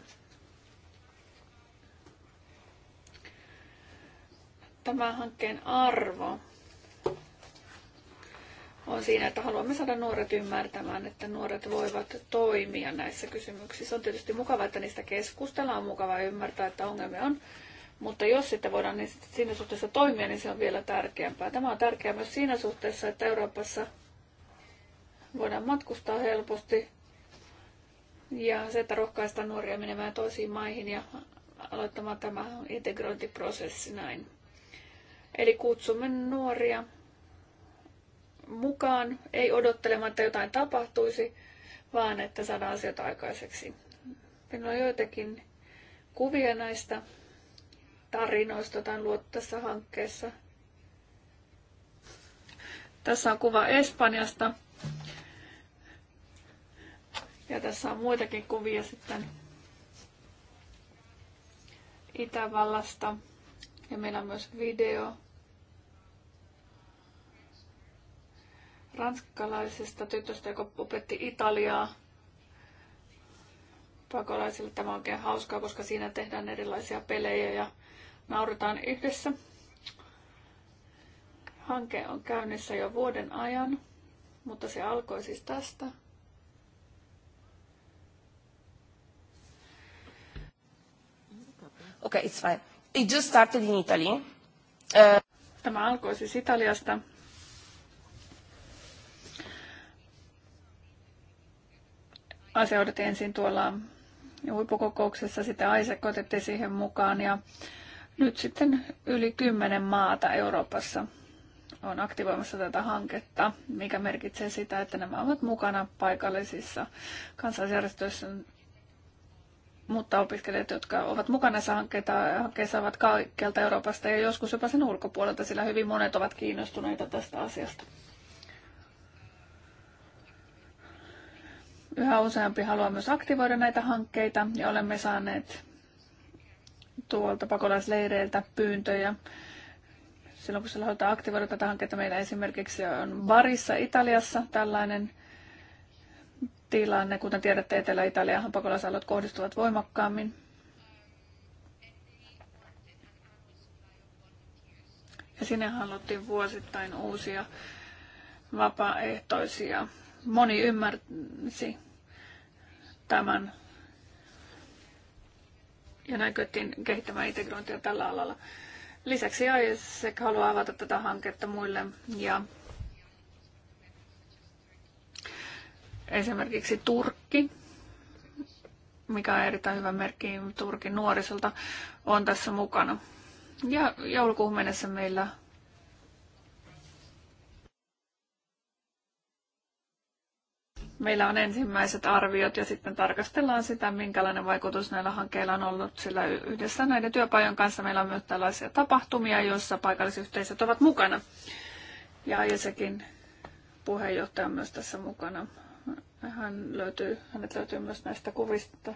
Tämän hankkeen arvo on siinä, että haluamme saada nuoret ymmärtämään, että nuoret voivat toimia näissä kysymyksissä. On tietysti mukava, että niistä keskustellaan, on mukava ymmärtää, että ongelmia on, mutta jos sitä voidaan niin siinä suhteessa toimia, niin se on vielä tärkeämpää. Tämä on tärkeää myös siinä suhteessa, että Euroopassa voidaan matkustaa helposti ja se, että rohkaista nuoria menemään toisiin maihin ja aloittamaan tämä integrointiprosessi näin. Eli kutsumme nuoria mukaan, ei odottelemaan, että jotain tapahtuisi, vaan että saadaan asioita aikaiseksi. Minulla on joitakin kuvia näistä tarinoista, joita luotu tässä hankkeessa. Tässä on kuva Espanjasta. Ja tässä on muitakin kuvia sitten Itävallasta. Ja meillä on myös video ranskalaisesta tytöstä, joka opetti Italiaa pakolaisille. Tämä on oikein hauskaa, koska siinä tehdään erilaisia pelejä ja Nauretaan yhdessä. Hanke on käynnissä jo vuoden ajan, mutta se alkoi siis tästä. Okay, it's fine. It just started in Italy. Uh... Tämä alkoi siis Italiasta. Asia ensin tuolla huippukokouksessa, sitä Aisek otettiin siihen mukaan ja nyt sitten yli kymmenen maata Euroopassa on aktivoimassa tätä hanketta, mikä merkitsee sitä, että nämä ovat mukana paikallisissa kansalaisjärjestöissä, mutta opiskelijat, jotka ovat mukana näissä hankkeissa, ovat kaikkialta Euroopasta ja joskus jopa sen ulkopuolelta, sillä hyvin monet ovat kiinnostuneita tästä asiasta. Yhä useampi haluaa myös aktivoida näitä hankkeita ja olemme saaneet tuolta pakolaisleireiltä pyyntöjä. Silloin kun se halutaan aktivoida tätä hanketta, meillä esimerkiksi on Barissa Italiassa tällainen tilanne. Kuten tiedätte, Etelä-Italiahan pakolaisalueet kohdistuvat voimakkaammin. Ja sinne haluttiin vuosittain uusia vapaaehtoisia. Moni ymmärsi tämän ja näin kyettiin kehittämään integrointia tällä alalla. Lisäksi AISEC haluaa avata tätä hanketta muille ja esimerkiksi Turkki, mikä on erittäin hyvä merkki Turkin nuorisolta, on tässä mukana. Ja joulukuun mennessä meillä meillä on ensimmäiset arviot ja sitten tarkastellaan sitä, minkälainen vaikutus näillä hankkeilla on ollut, sillä yhdessä näiden työpajojen kanssa meillä on myös tällaisia tapahtumia, joissa paikallisyhteisöt ovat mukana. Ja Aiesekin puheenjohtaja on myös tässä mukana. Hän löytyy, hänet löytyy myös näistä kuvista.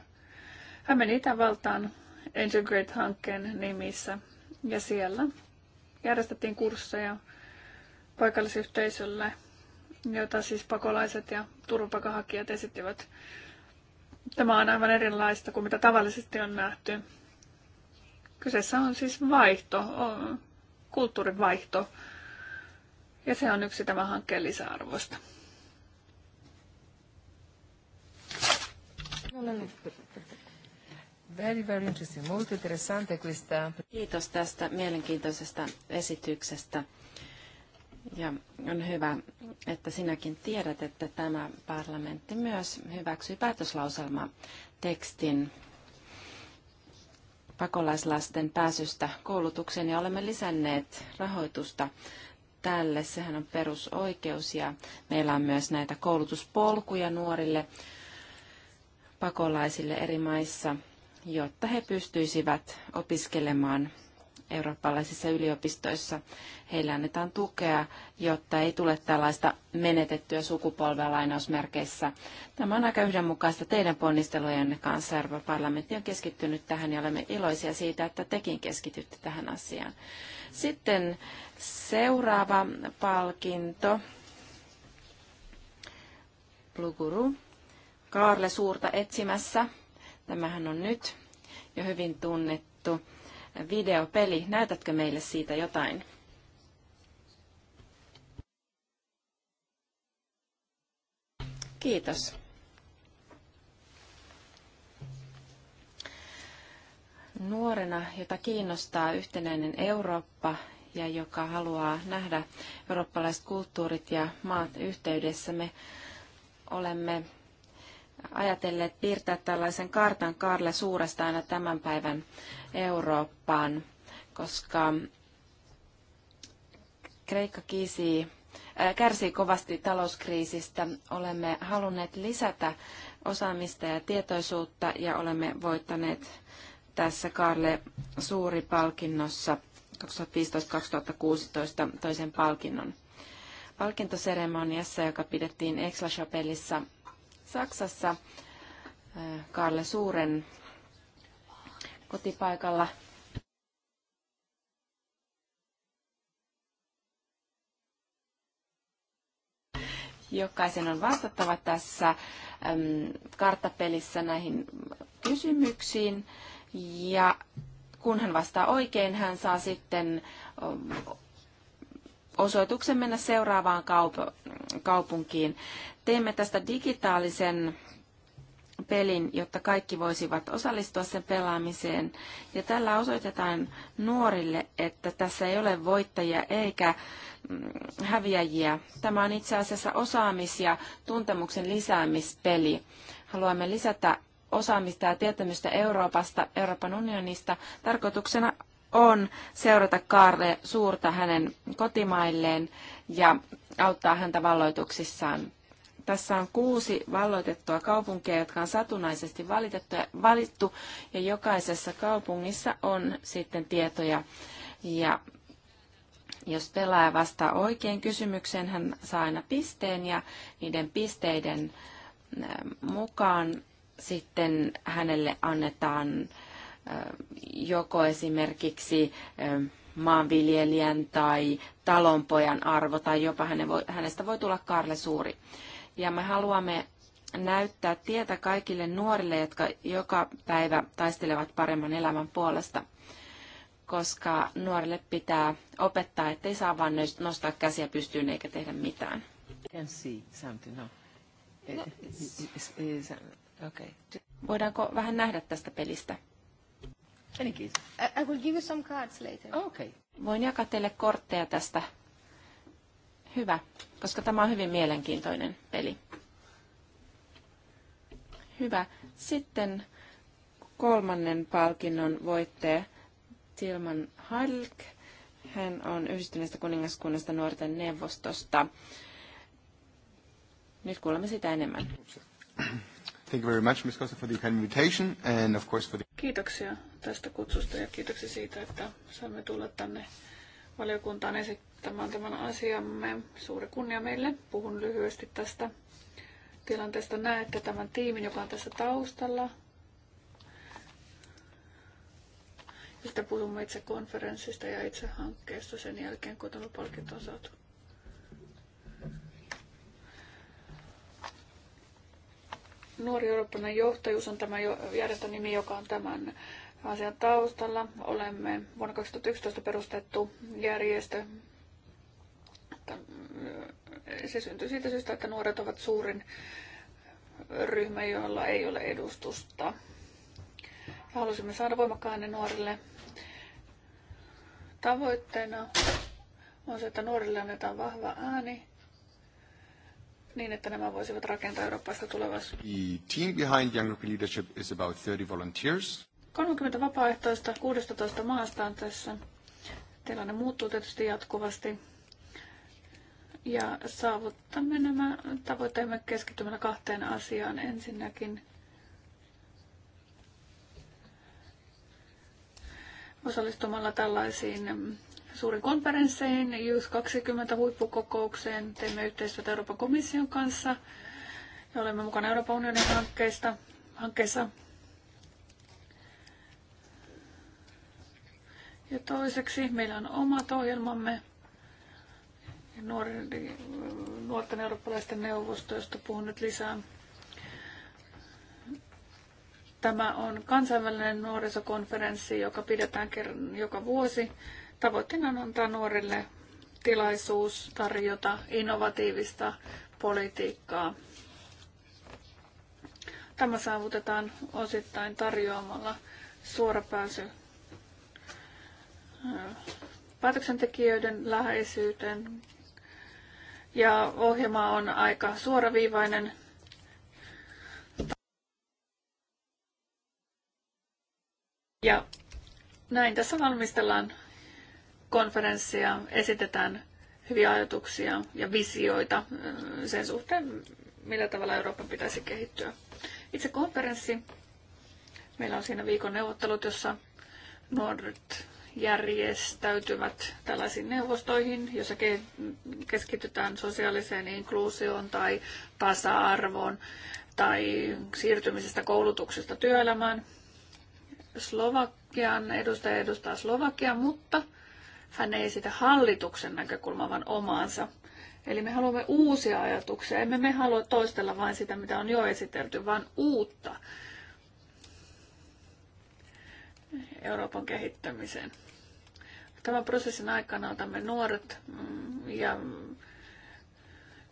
Hän meni Itävaltaan integrate hankkeen nimissä ja siellä järjestettiin kursseja paikallisyhteisölle – joita siis pakolaiset ja turvapaikanhakijat esittivät. Tämä on aivan erilaista kuin mitä tavallisesti on nähty. Kyseessä on siis vaihto, kulttuurin vaihto, ja se on yksi tämän hankkeen lisäarvoista. Very, very interesting. Molto interessante questa. Kiitos tästä mielenkiintoisesta esityksestä. Ja on hyvä, että sinäkin tiedät, että tämä parlamentti myös hyväksyi päätöslauselmatekstin pakolaislasten pääsystä koulutukseen ja olemme lisänneet rahoitusta tälle. Sehän on perusoikeus ja meillä on myös näitä koulutuspolkuja nuorille pakolaisille eri maissa, jotta he pystyisivät opiskelemaan eurooppalaisissa yliopistoissa. Heille annetaan tukea, jotta ei tule tällaista menetettyä sukupolvea lainausmerkeissä. Tämä on aika yhdenmukaista teidän ponnistelujenne kanssa. Euroopan parlamentti on keskittynyt tähän ja olemme iloisia siitä, että tekin keskitytte tähän asiaan. Sitten seuraava palkinto. Pluguru. Kaarle suurta etsimässä. Tämähän on nyt jo hyvin tunnettu videopeli. Näytätkö meille siitä jotain? Kiitos. Nuorena, jota kiinnostaa yhtenäinen Eurooppa ja joka haluaa nähdä eurooppalaiset kulttuurit ja maat yhteydessä, me olemme ajatelleet piirtää tällaisen kartan Karle Suuresta aina tämän päivän Eurooppaan, koska Kreikka kiisii, äh, kärsii kovasti talouskriisistä. Olemme halunneet lisätä osaamista ja tietoisuutta ja olemme voittaneet tässä Karle suuri palkinnossa 2015-2016 toisen palkinnon. Palkintoseremoniassa, joka pidettiin Exla Chapellissa Saksassa, äh, Karle Suuren kotipaikalla. Jokaisen on vastattava tässä äm, karttapelissä näihin kysymyksiin. Ja kun hän vastaa oikein, hän saa sitten osoituksen mennä seuraavaan kaupunkiin. Teemme tästä digitaalisen pelin, jotta kaikki voisivat osallistua sen pelaamiseen. Ja tällä osoitetaan nuorille, että tässä ei ole voittajia eikä mm, häviäjiä. Tämä on itse asiassa osaamis- ja tuntemuksen lisäämispeli. Haluamme lisätä osaamista ja tietämystä Euroopasta, Euroopan unionista. Tarkoituksena on seurata Kaarle suurta hänen kotimailleen ja auttaa häntä valloituksissaan. Tässä on kuusi valloitettua kaupunkia, jotka on satunnaisesti valitettu valittu ja jokaisessa kaupungissa on sitten tietoja. Ja jos pelaaja vastaa oikein kysymykseen, hän saa aina pisteen ja niiden pisteiden ähm, mukaan sitten hänelle annetaan äh, joko esimerkiksi ähm, maanviljelijän tai talonpojan arvo tai jopa hänestä voi tulla Karle Suuri ja me haluamme näyttää tietä kaikille nuorille, jotka joka päivä taistelevat paremman elämän puolesta, koska nuorille pitää opettaa, ettei saa vain nostaa käsiä pystyyn eikä tehdä mitään. Voidaanko vähän nähdä tästä pelistä? I will give you some cards later. Okay. Voin jakaa teille kortteja tästä hyvä, koska tämä on hyvin mielenkiintoinen peli. Hyvä. Sitten kolmannen palkinnon voittaja Tilman Halk. Hän on yhdistyneestä kuningaskunnasta nuorten neuvostosta. Nyt kuulemme sitä enemmän. Thank you very much, Costa, for the kind invitation and of course for the... Kiitoksia tästä kutsusta ja kiitoksia siitä, että saamme tulla tänne valiokuntaan esittämään Tämä on tämän asiamme suuri kunnia meille. Puhun lyhyesti tästä tilanteesta. Näette tämän tiimin, joka on tässä taustalla. Sitten puhumme itse konferenssista ja itse hankkeesta sen jälkeen, kun tämä palkinto on saatu. Nuori Eurooppalainen johtajuus on tämä järjestönimi, joka on tämän asian taustalla. Olemme vuonna 2011 perustettu järjestö, että äh, se syntyy siitä syystä, että nuoret ovat suurin ryhmä, jolla ei ole edustusta. Ja halusimme saada voimakkaan nuorille tavoitteena on se, että nuorille annetaan vahva ääni niin, että nämä voisivat rakentaa eurooppaista tulevaisuutta. The team behind Young European Leadership is about 30 volunteers. 30 vapaaehtoista 16 maasta on tässä. Tilanne muuttuu tietysti jatkuvasti. Ja saavuttamme nämä tavoitteemme keskittymällä kahteen asiaan. Ensinnäkin osallistumalla tällaisiin suuriin konferensseihin, Youth 20 huippukokoukseen. Teemme yhteistyötä Euroopan komission kanssa ja olemme mukana Euroopan unionin hankkeista, hankkeessa. Ja toiseksi meillä on omat ohjelmamme, nuorten eurooppalaisten neuvosto, josta puhun nyt lisää. Tämä on kansainvälinen nuorisokonferenssi, joka pidetään kerran joka vuosi. Tavoitteena on antaa nuorille tilaisuus tarjota innovatiivista politiikkaa. Tämä saavutetaan osittain tarjoamalla suora pääsy päätöksentekijöiden läheisyyteen, ja ohjelma on aika suoraviivainen. Ja näin tässä valmistellaan konferenssia, esitetään hyviä ajatuksia ja visioita mm, sen suhteen, millä tavalla Euroopan pitäisi kehittyä. Itse konferenssi, meillä on siinä viikon neuvottelut, jossa nuoret järjestäytyvät tällaisiin neuvostoihin, joissa keskitytään sosiaaliseen inkluusioon tai tasa-arvoon tai siirtymisestä koulutuksesta työelämään. Slovakian edustaja edustaa Slovakia, mutta hän ei sitä hallituksen näkökulmaa, vaan omaansa. Eli me haluamme uusia ajatuksia. Emme me halua toistella vain sitä, mitä on jo esitelty, vaan uutta. Euroopan kehittämiseen. Tämän prosessin aikana otamme nuoret mm, ja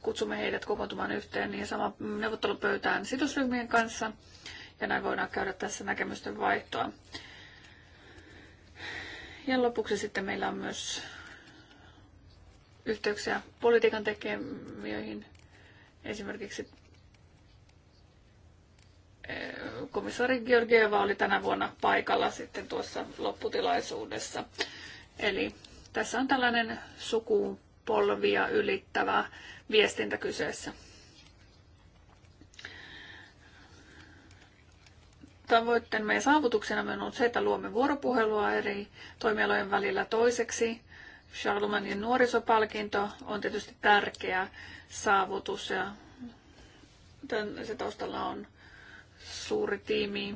kutsumme heidät kokoontumaan yhteen niin sama neuvottelupöytään sidosryhmien kanssa. Ja näin voidaan käydä tässä näkemysten vaihtoa. Ja lopuksi sitten meillä on myös yhteyksiä politiikan tekemijöihin, esimerkiksi komissaari Georgieva oli tänä vuonna paikalla sitten tuossa lopputilaisuudessa. Eli tässä on tällainen sukupolvia ylittävä viestintä kyseessä. Tavoitteemme ja saavutuksena on ollut se, että luomme vuoropuhelua eri toimialojen välillä toiseksi. Charlemagnen nuorisopalkinto on tietysti tärkeä saavutus ja se taustalla on suuri tiimi,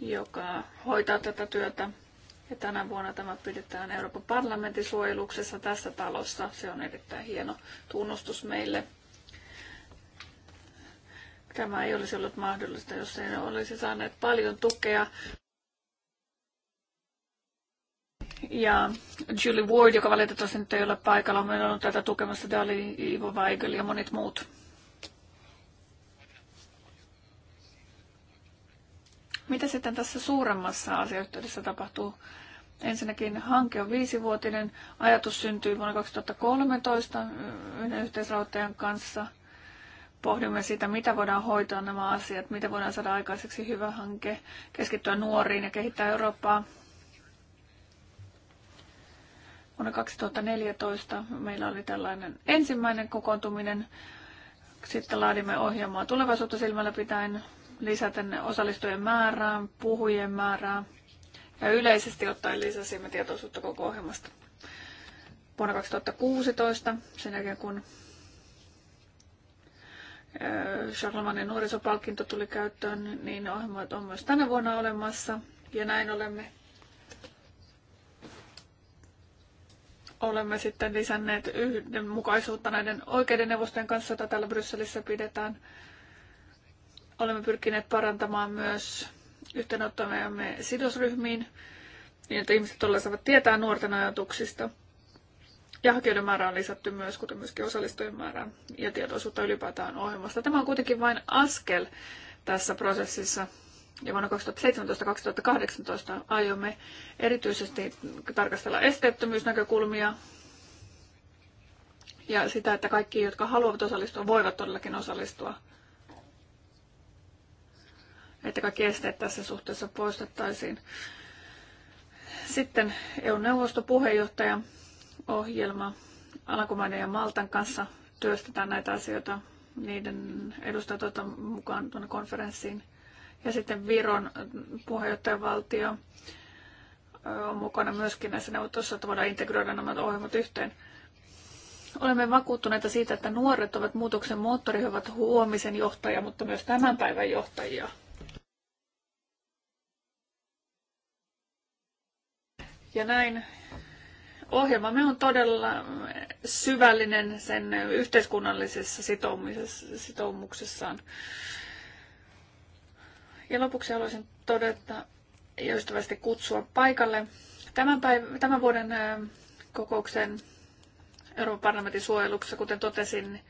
joka hoitaa tätä työtä. Ja tänä vuonna tämä pidetään Euroopan parlamentin suojeluksessa tässä talossa. Se on erittäin hieno tunnustus meille. Tämä ei olisi ollut mahdollista, jos ei olisi saaneet paljon tukea. Ja Julie Ward, joka valitettavasti nyt ei ole paikalla, on ollut tätä tukemassa, Dali, Ivo Weigel ja monet muut. Mitä sitten tässä suuremmassa asiayhteydessä tapahtuu? Ensinnäkin hanke on viisivuotinen. Ajatus syntyi vuonna 2013 yhden yhteisrahoittajan kanssa. Pohdimme sitä, mitä voidaan hoitaa nämä asiat, mitä voidaan saada aikaiseksi hyvä hanke, keskittyä nuoriin ja kehittää Eurooppaa. Vuonna 2014 meillä oli tällainen ensimmäinen kokoontuminen. Sitten laadimme ohjelmaa tulevaisuutta silmällä pitäen ne osallistujien määrää, puhujien määrää ja yleisesti ottaen lisäsimme tietoisuutta koko ohjelmasta. Vuonna 2016, sen jälkeen kun äh, Charlemagnen nuorisopalkinto tuli käyttöön, niin ohjelmat on myös tänä vuonna olemassa. Ja näin olemme olemme sitten lisänneet yhdenmukaisuutta näiden oikeiden neuvostojen kanssa, joita täällä Brysselissä pidetään. Olemme pyrkineet parantamaan myös yhteenottojamme sidosryhmiin, niin että ihmiset todella saavat tietää nuorten ajatuksista. Ja hakijoiden määrä on lisätty myös, kuten myöskin osallistujien määrää ja tietoisuutta ylipäätään ohjelmasta. Tämä on kuitenkin vain askel tässä prosessissa. Ja vuonna 2017-2018 aiomme erityisesti tarkastella esteettömyysnäkökulmia ja sitä, että kaikki, jotka haluavat osallistua, voivat todellakin osallistua että kaikki esteet tässä suhteessa poistettaisiin. Sitten EU-neuvoston puheenjohtaja ohjelma Alankomaiden ja Maltan kanssa työstetään näitä asioita niiden edustajat mukaan tuonne konferenssiin. Ja sitten Viron puheenjohtajavaltio on mukana myöskin näissä neuvotteluissa, että voidaan integroida nämä ohjelmat yhteen. Olemme vakuuttuneita siitä, että nuoret ovat muutoksen moottori, he ovat huomisen johtajia, mutta myös tämän päivän johtajia. Ja näin ohjelmamme on todella syvällinen sen yhteiskunnallisessa sitoumuksessaan. Ja lopuksi haluaisin todeta ja ystävästi kutsua paikalle tämän, päiv- tämän vuoden kokouksen Euroopan parlamentin suojeluksessa, kuten totesin,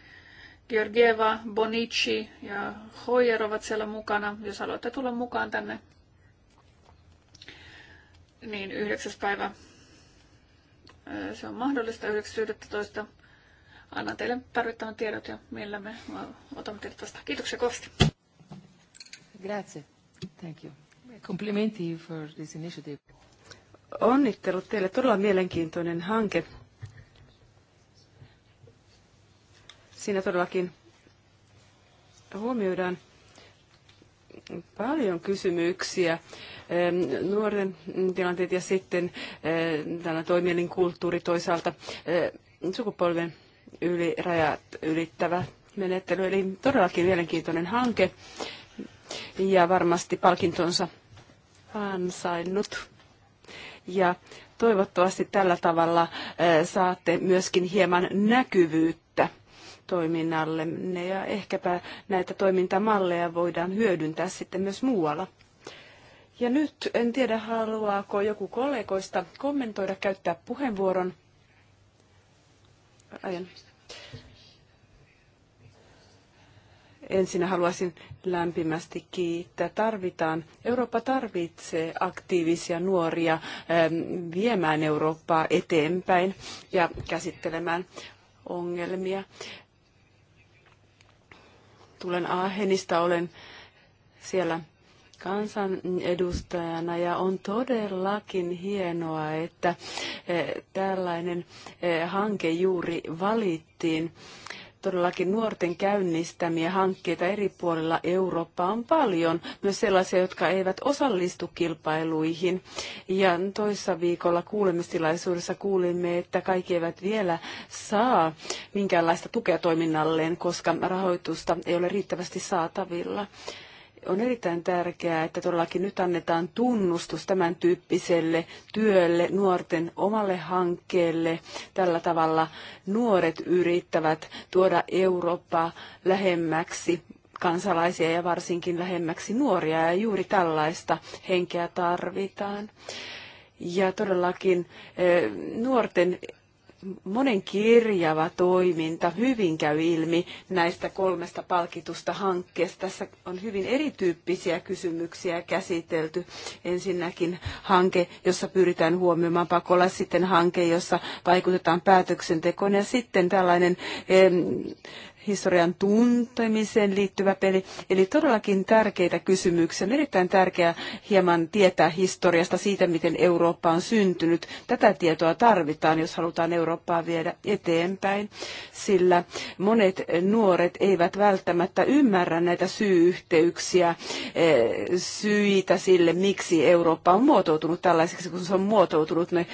Georgieva, Bonici ja Hoyer ovat siellä mukana. Jos haluatte tulla mukaan tänne niin yhdeksäs päivä se on mahdollista 9.11. Annan teille tarvittavan tiedot ja millä me otamme teidät vastaan. Kiitoksia kovasti. Grazie. Thank you. Complimenti for this initiative. Onnittelut teille. Todella mielenkiintoinen hanke. Siinä todellakin huomioidaan paljon kysymyksiä. Nuoren tilanteet ja sitten tällä toimielin kulttuuri toisaalta sukupolven yli, rajat ylittävä menettely. Eli todellakin mielenkiintoinen hanke ja varmasti palkintonsa ansainnut. Ja toivottavasti tällä tavalla saatte myöskin hieman näkyvyyttä toiminnallemme ja ehkäpä näitä toimintamalleja voidaan hyödyntää sitten myös muualla. Ja nyt en tiedä, haluaako joku kollegoista kommentoida, käyttää puheenvuoron. Aion. Ensin haluaisin lämpimästi kiittää. Tarvitaan, Eurooppa tarvitsee aktiivisia nuoria ähm, viemään Eurooppaa eteenpäin ja käsittelemään ongelmia. Tulen Aachenista, olen siellä kansanedustajana ja on todellakin hienoa, että eh, tällainen eh, hanke juuri valittiin todellakin nuorten käynnistämiä hankkeita eri puolilla Eurooppaa on paljon, myös sellaisia, jotka eivät osallistu kilpailuihin. Ja toissa viikolla kuulemistilaisuudessa kuulimme, että kaikki eivät vielä saa minkäänlaista tukea toiminnalleen, koska rahoitusta ei ole riittävästi saatavilla on erittäin tärkeää, että todellakin nyt annetaan tunnustus tämän tyyppiselle työlle, nuorten omalle hankkeelle. Tällä tavalla nuoret yrittävät tuoda Eurooppa lähemmäksi kansalaisia ja varsinkin lähemmäksi nuoria, ja juuri tällaista henkeä tarvitaan. Ja todellakin eh, nuorten monen kirjava toiminta hyvin käy ilmi näistä kolmesta palkitusta hankkeesta. Tässä on hyvin erityyppisiä kysymyksiä käsitelty. Ensinnäkin hanke, jossa pyritään huomioimaan pakolla, sitten hanke, jossa vaikutetaan päätöksentekoon ja sitten tällainen historian tuntemiseen liittyvä peli. Eli todellakin tärkeitä kysymyksiä. On erittäin tärkeää hieman tietää historiasta siitä, miten Eurooppa on syntynyt. Tätä tietoa tarvitaan, jos halutaan Eurooppaa viedä eteenpäin, sillä monet nuoret eivät välttämättä ymmärrä näitä syy-yhteyksiä, eh, syitä sille, miksi Eurooppa on muotoutunut tällaiseksi, kun se on muotoutunut. Ne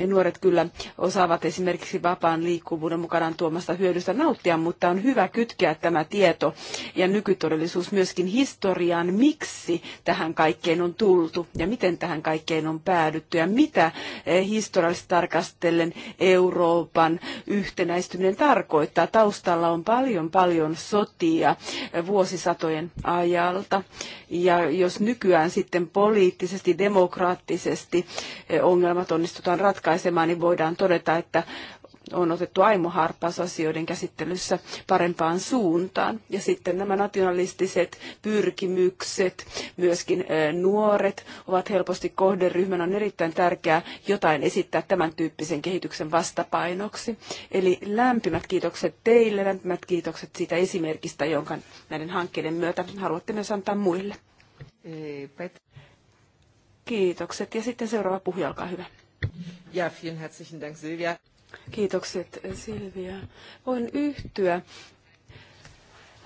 eh, nuoret kyllä osaavat esimerkiksi vapaan liikkuvuuden mukanaan tuomasta hyödystä nauttia, mutta on hyvä kytkeä tämä tieto ja nykytodellisuus myöskin historiaan, miksi tähän kaikkeen on tultu ja miten tähän kaikkeen on päädytty ja mitä eh, historiallisesti tarkastellen Euroopan yhtenäistyminen tarkoittaa. Taustalla on paljon paljon sotia eh, vuosisatojen ajalta ja jos nykyään sitten poliittisesti, demokraattisesti eh, ongelmat onnistutaan ratkaisemaan, niin voidaan todeta, että on otettu aimoharppaus asioiden käsittelyssä parempaan suuntaan. Ja sitten nämä nationalistiset pyrkimykset, myöskin nuoret ovat helposti kohderyhmän. On erittäin tärkeää jotain esittää tämän tyyppisen kehityksen vastapainoksi. Eli lämpimät kiitokset teille, lämpimät kiitokset siitä esimerkistä, jonka näiden hankkeiden myötä haluatte myös antaa muille. Kiitokset. Ja sitten seuraava puhuja, olkaa hyvä. Ja, vielen herzlichen Dank, Silvia. Kiitokset Silvia. Voin yhtyä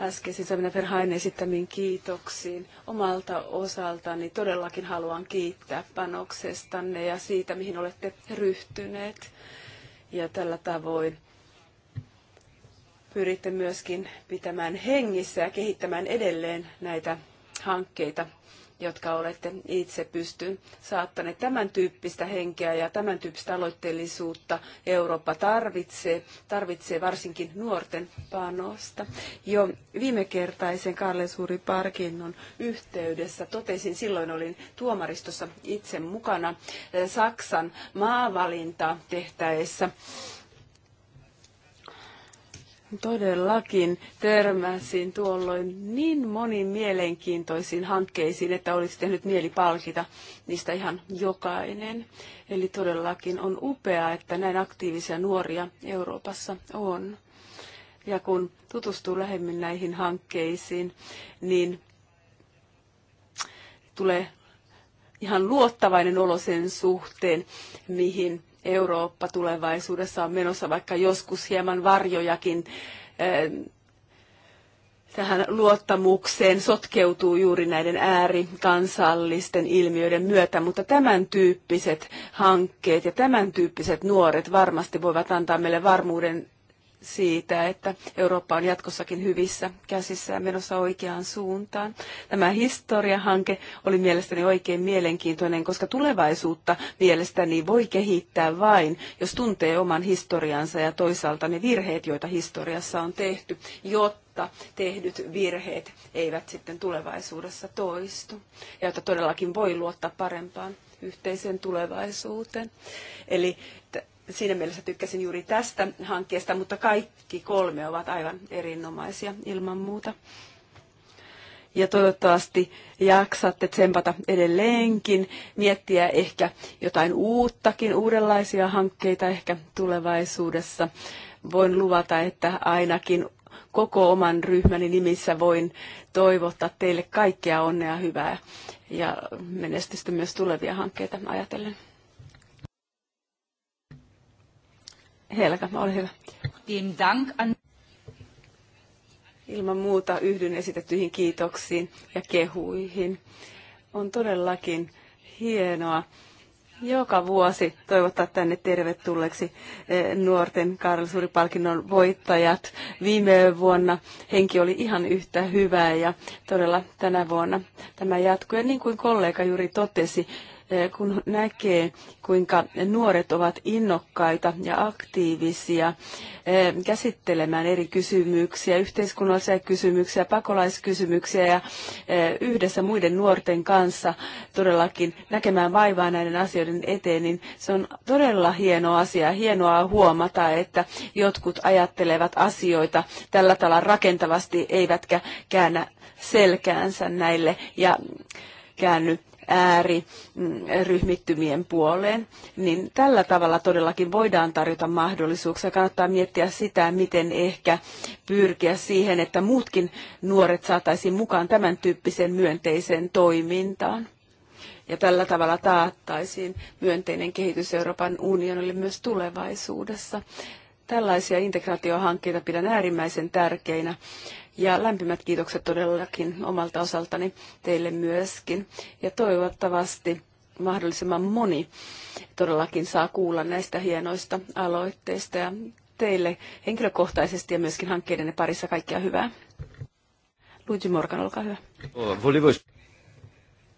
äskeisiin Sabina Ferhain esittämiin kiitoksiin. Omalta osaltani todellakin haluan kiittää panoksestanne ja siitä, mihin olette ryhtyneet. Ja tällä tavoin pyritte myöskin pitämään hengissä ja kehittämään edelleen näitä hankkeita jotka olette itse pysty saattaneet. Tämän tyyppistä henkeä ja tämän tyyppistä aloitteellisuutta Eurooppa tarvitsee, tarvitsee varsinkin nuorten panosta. Jo viime kertaisen Suuri Parkinnon yhteydessä totesin, silloin olin tuomaristossa itse mukana eh, Saksan maavalinta tehtäessä Todellakin törmäsin tuolloin niin moniin mielenkiintoisiin hankkeisiin, että olisi tehnyt mieli palkita niistä ihan jokainen. Eli todellakin on upeaa, että näin aktiivisia nuoria Euroopassa on. Ja kun tutustuu lähemmin näihin hankkeisiin, niin tulee ihan luottavainen olo sen suhteen, mihin Eurooppa tulevaisuudessa on menossa, vaikka joskus hieman varjojakin eh, tähän luottamukseen sotkeutuu juuri näiden äärikansallisten ilmiöiden myötä, mutta tämän tyyppiset hankkeet ja tämän tyyppiset nuoret varmasti voivat antaa meille varmuuden siitä, että Eurooppa on jatkossakin hyvissä käsissä ja menossa oikeaan suuntaan. Tämä historiahanke oli mielestäni oikein mielenkiintoinen, koska tulevaisuutta mielestäni voi kehittää vain, jos tuntee oman historiansa ja toisaalta ne virheet, joita historiassa on tehty, jotta tehdyt virheet eivät sitten tulevaisuudessa toistu. Ja jotta todellakin voi luottaa parempaan yhteiseen tulevaisuuteen. Eli siinä mielessä tykkäsin juuri tästä hankkeesta, mutta kaikki kolme ovat aivan erinomaisia ilman muuta. Ja toivottavasti jaksatte tsempata edelleenkin, miettiä ehkä jotain uuttakin, uudenlaisia hankkeita ehkä tulevaisuudessa. Voin luvata, että ainakin koko oman ryhmäni nimissä voin toivottaa teille kaikkea onnea hyvää ja menestystä myös tulevia hankkeita ajatellen. Helga, ole hyvä. Ilman muuta yhdyn esitettyihin kiitoksiin ja kehuihin. On todellakin hienoa joka vuosi toivottaa tänne tervetulleeksi eh, nuorten Karlsuri-palkinnon voittajat. Viime vuonna henki oli ihan yhtä hyvää ja todella tänä vuonna tämä jatkuu. Ja niin kuin kollega juuri totesi, kun näkee, kuinka nuoret ovat innokkaita ja aktiivisia eh, käsittelemään eri kysymyksiä, yhteiskunnallisia kysymyksiä, pakolaiskysymyksiä ja eh, yhdessä muiden nuorten kanssa todellakin näkemään vaivaa näiden asioiden eteen, niin se on todella hieno asia. Hienoa huomata, että jotkut ajattelevat asioita tällä tavalla rakentavasti, eivätkä käännä selkäänsä näille ja käänny ääriryhmittymien mm, puoleen, niin tällä tavalla todellakin voidaan tarjota mahdollisuuksia. Kannattaa miettiä sitä, miten ehkä pyrkiä siihen, että muutkin nuoret saataisiin mukaan tämän tyyppiseen myönteiseen toimintaan. Ja tällä tavalla taattaisiin myönteinen kehitys Euroopan unionille myös tulevaisuudessa. Tällaisia integraatiohankkeita pidän äärimmäisen tärkeinä. Ja lämpimät kiitokset todellakin omalta osaltani teille myöskin. Ja toivottavasti mahdollisimman moni todellakin saa kuulla näistä hienoista aloitteista ja teille henkilökohtaisesti ja myöskin hankkeiden parissa kaikkea hyvää. Luigi Morgan, olkaa hyvä.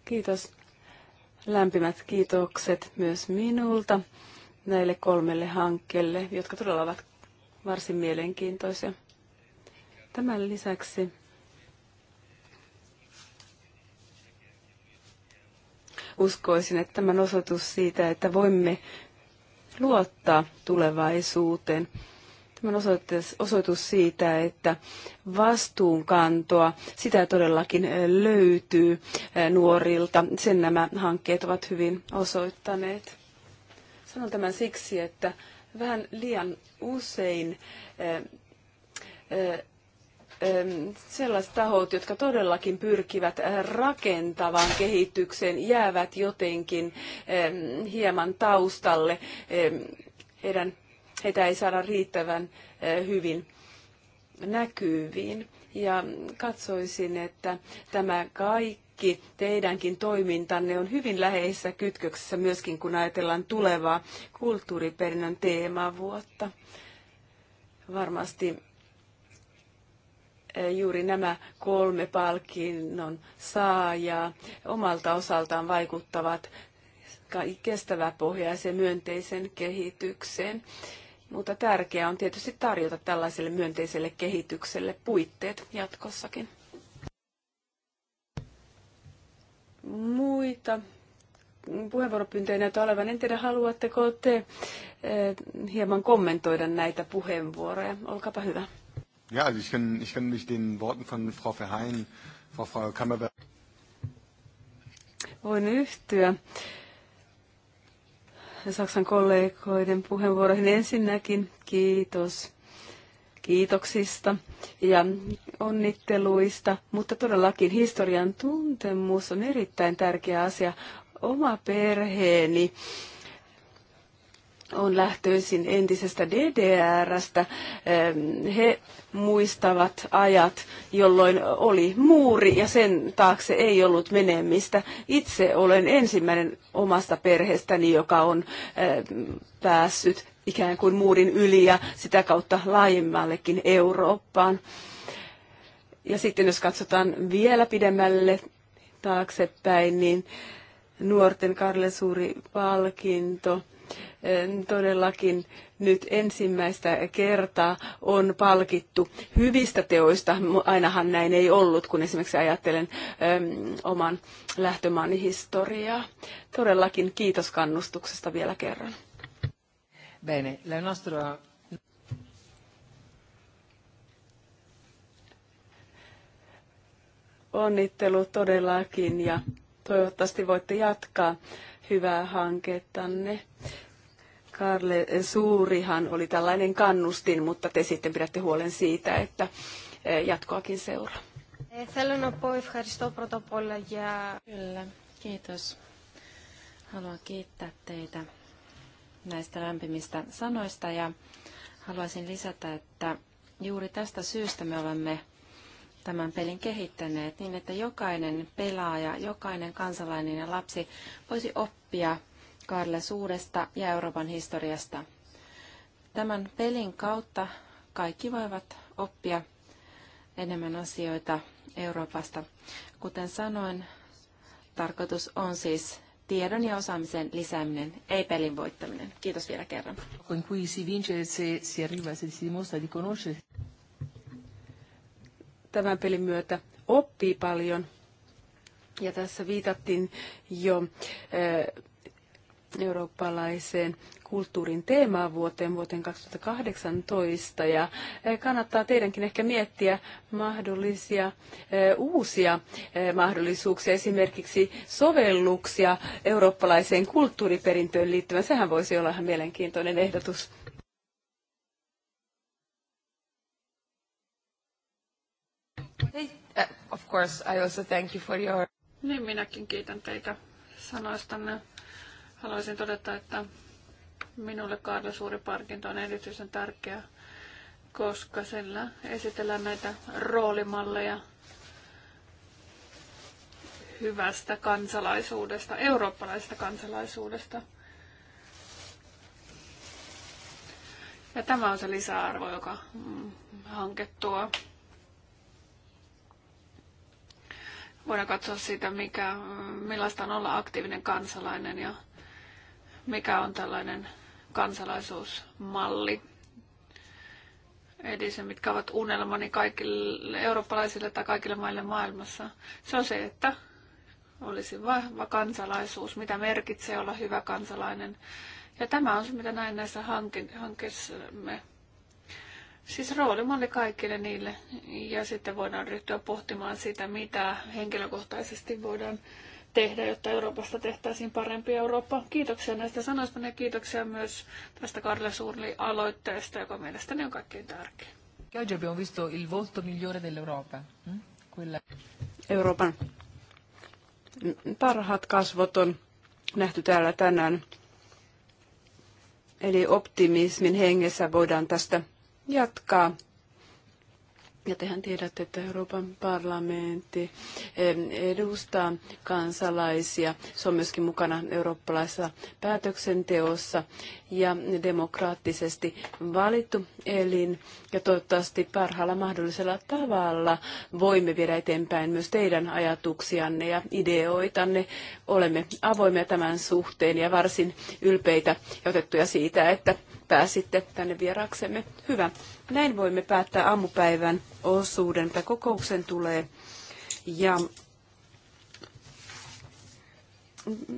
Kiitos. Lämpimät kiitokset myös minulta näille kolmelle hankkeelle, jotka todella ovat varsin mielenkiintoisia. Tämän lisäksi uskoisin, että tämä osoitus siitä, että voimme luottaa tulevaisuuteen. Tämä osoitus siitä, että vastuunkantoa, sitä todellakin löytyy nuorilta. Sen nämä hankkeet ovat hyvin osoittaneet. Sanon tämän siksi, että vähän liian usein eh, eh, eh, sellaiset tahot, jotka todellakin pyrkivät rakentavaan kehitykseen, jäävät jotenkin hieman taustalle. Heidän, heitä ei saada riittävän hyvin näkyviin. Ja katsoisin, että tämä kaikki kaikki teidänkin toimintanne on hyvin läheisessä kytköksessä myöskin, kun ajatellaan tulevaa kulttuuriperinnön teemavuotta. Varmasti eh, juuri nämä kolme palkinnon saajaa omalta osaltaan vaikuttavat pohjaisen myönteisen kehitykseen. Mutta tärkeää on tietysti tarjota tällaiselle myönteiselle kehitykselle puitteet jatkossakin. muita puheenvuoropyyntöjä näytä olevan. En tiedä, haluatteko te eh, hieman kommentoida näitä puheenvuoroja. Olkaapa hyvä. Ja, also ich kann, ich kann mich den Worten von Frau Verheyen, Frau, Frau Kammerberg. Voin yhtyä Saksan kollegoiden puheenvuoroihin ensinnäkin. Kiitos kiitoksista ja onnitteluista, mutta todellakin historian tuntemus on erittäin tärkeä asia. Oma perheeni on lähtöisin entisestä DDRstä. He muistavat ajat, jolloin oli muuri ja sen taakse ei ollut menemistä. Itse olen ensimmäinen omasta perheestäni, joka on päässyt ikään kuin muurin yli ja sitä kautta laajemmallekin Eurooppaan. Ja sitten jos katsotaan vielä pidemmälle taaksepäin, niin nuorten Karle Suuri palkinto eh, todellakin nyt ensimmäistä kertaa on palkittu hyvistä teoista. Ainahan näin ei ollut, kun esimerkiksi ajattelen ehm, oman lähtömaani historiaa. Todellakin kiitos kannustuksesta vielä kerran. Bene, la nostra... Onnittelu todellakin ja toivottavasti voitte jatkaa hyvää hankettanne. Karle Suurihan oli tällainen kannustin, mutta te sitten pidätte huolen siitä, että eh, jatkoakin seuraa. Kyllä, kiitos. Haluan kiittää teitä näistä lämpimistä sanoista ja haluaisin lisätä, että juuri tästä syystä me olemme tämän pelin kehittäneet niin, että jokainen pelaaja, jokainen kansalainen ja lapsi voisi oppia Karles suudesta ja Euroopan historiasta. Tämän pelin kautta kaikki voivat oppia enemmän asioita Euroopasta. Kuten sanoin, tarkoitus on siis tiedon ja osaamisen lisääminen, ei pelin voittaminen. Kiitos vielä kerran. Con cui si vince e se si arriva se si dimostra di conoscere. Tämän pelin myötä oppii paljon. Ja tässä viitattiin jo eh, eurooppalaiseen kulttuurin teemaan vuoteen vuoteen 2018 ja eh, kannattaa teidänkin ehkä miettiä mahdollisia eh, uusia eh, mahdollisuuksia, esimerkiksi sovelluksia eurooppalaiseen kulttuuriperintöön liittyvän. Sehän voisi olla ihan mielenkiintoinen ehdotus. Of course, I also thank you for your... Niin minäkin kiitän teitä sanoistanne Haluaisin todeta, että minulle Kaarlo Suuri Parkinto on erityisen tärkeä, koska sillä esitellään näitä roolimalleja hyvästä kansalaisuudesta, eurooppalaisesta kansalaisuudesta. Ja tämä on se lisäarvo, joka mm, hanke tuo. Voidaan katsoa siitä, mikä, millaista on olla aktiivinen kansalainen ja mikä on tällainen kansalaisuusmalli. Eli se, mitkä ovat unelmani kaikille eurooppalaisille tai kaikille maille maailmassa, se on se, että olisi vahva kansalaisuus, mitä merkitsee olla hyvä kansalainen. Ja tämä on se, mitä näin näissä hanke- hankkeissamme. Siis rooli malli kaikille niille. Ja sitten voidaan ryhtyä pohtimaan sitä, mitä henkilökohtaisesti voidaan tehdä, jotta Euroopasta tehtäisiin parempi Eurooppa. Kiitoksia näistä sanoista ja kiitoksia myös tästä Karle Suurli aloitteesta, joka mielestäni on kaikkein tärkeä. Oggi abbiamo visto il volto migliore dell'Europa. Mm? Quella... Euroopan parhaat kasvot on nähty täällä tänään. Eli optimismin hengessä voidaan tästä jatkaa ja tehän tiedätte, että Euroopan parlamentti edustaa kansalaisia. Se on myöskin mukana eurooppalaisessa päätöksenteossa ja demokraattisesti valittu elin. Ja toivottavasti parhaalla mahdollisella tavalla voimme viedä eteenpäin myös teidän ajatuksianne ja ideoitanne. Olemme avoimia tämän suhteen ja varsin ylpeitä ja otettuja siitä, että pääsitte tänne vieraksemme. Hyvä. Näin voimme päättää aamupäivän osuuden, mitä kokouksen tulee. Ja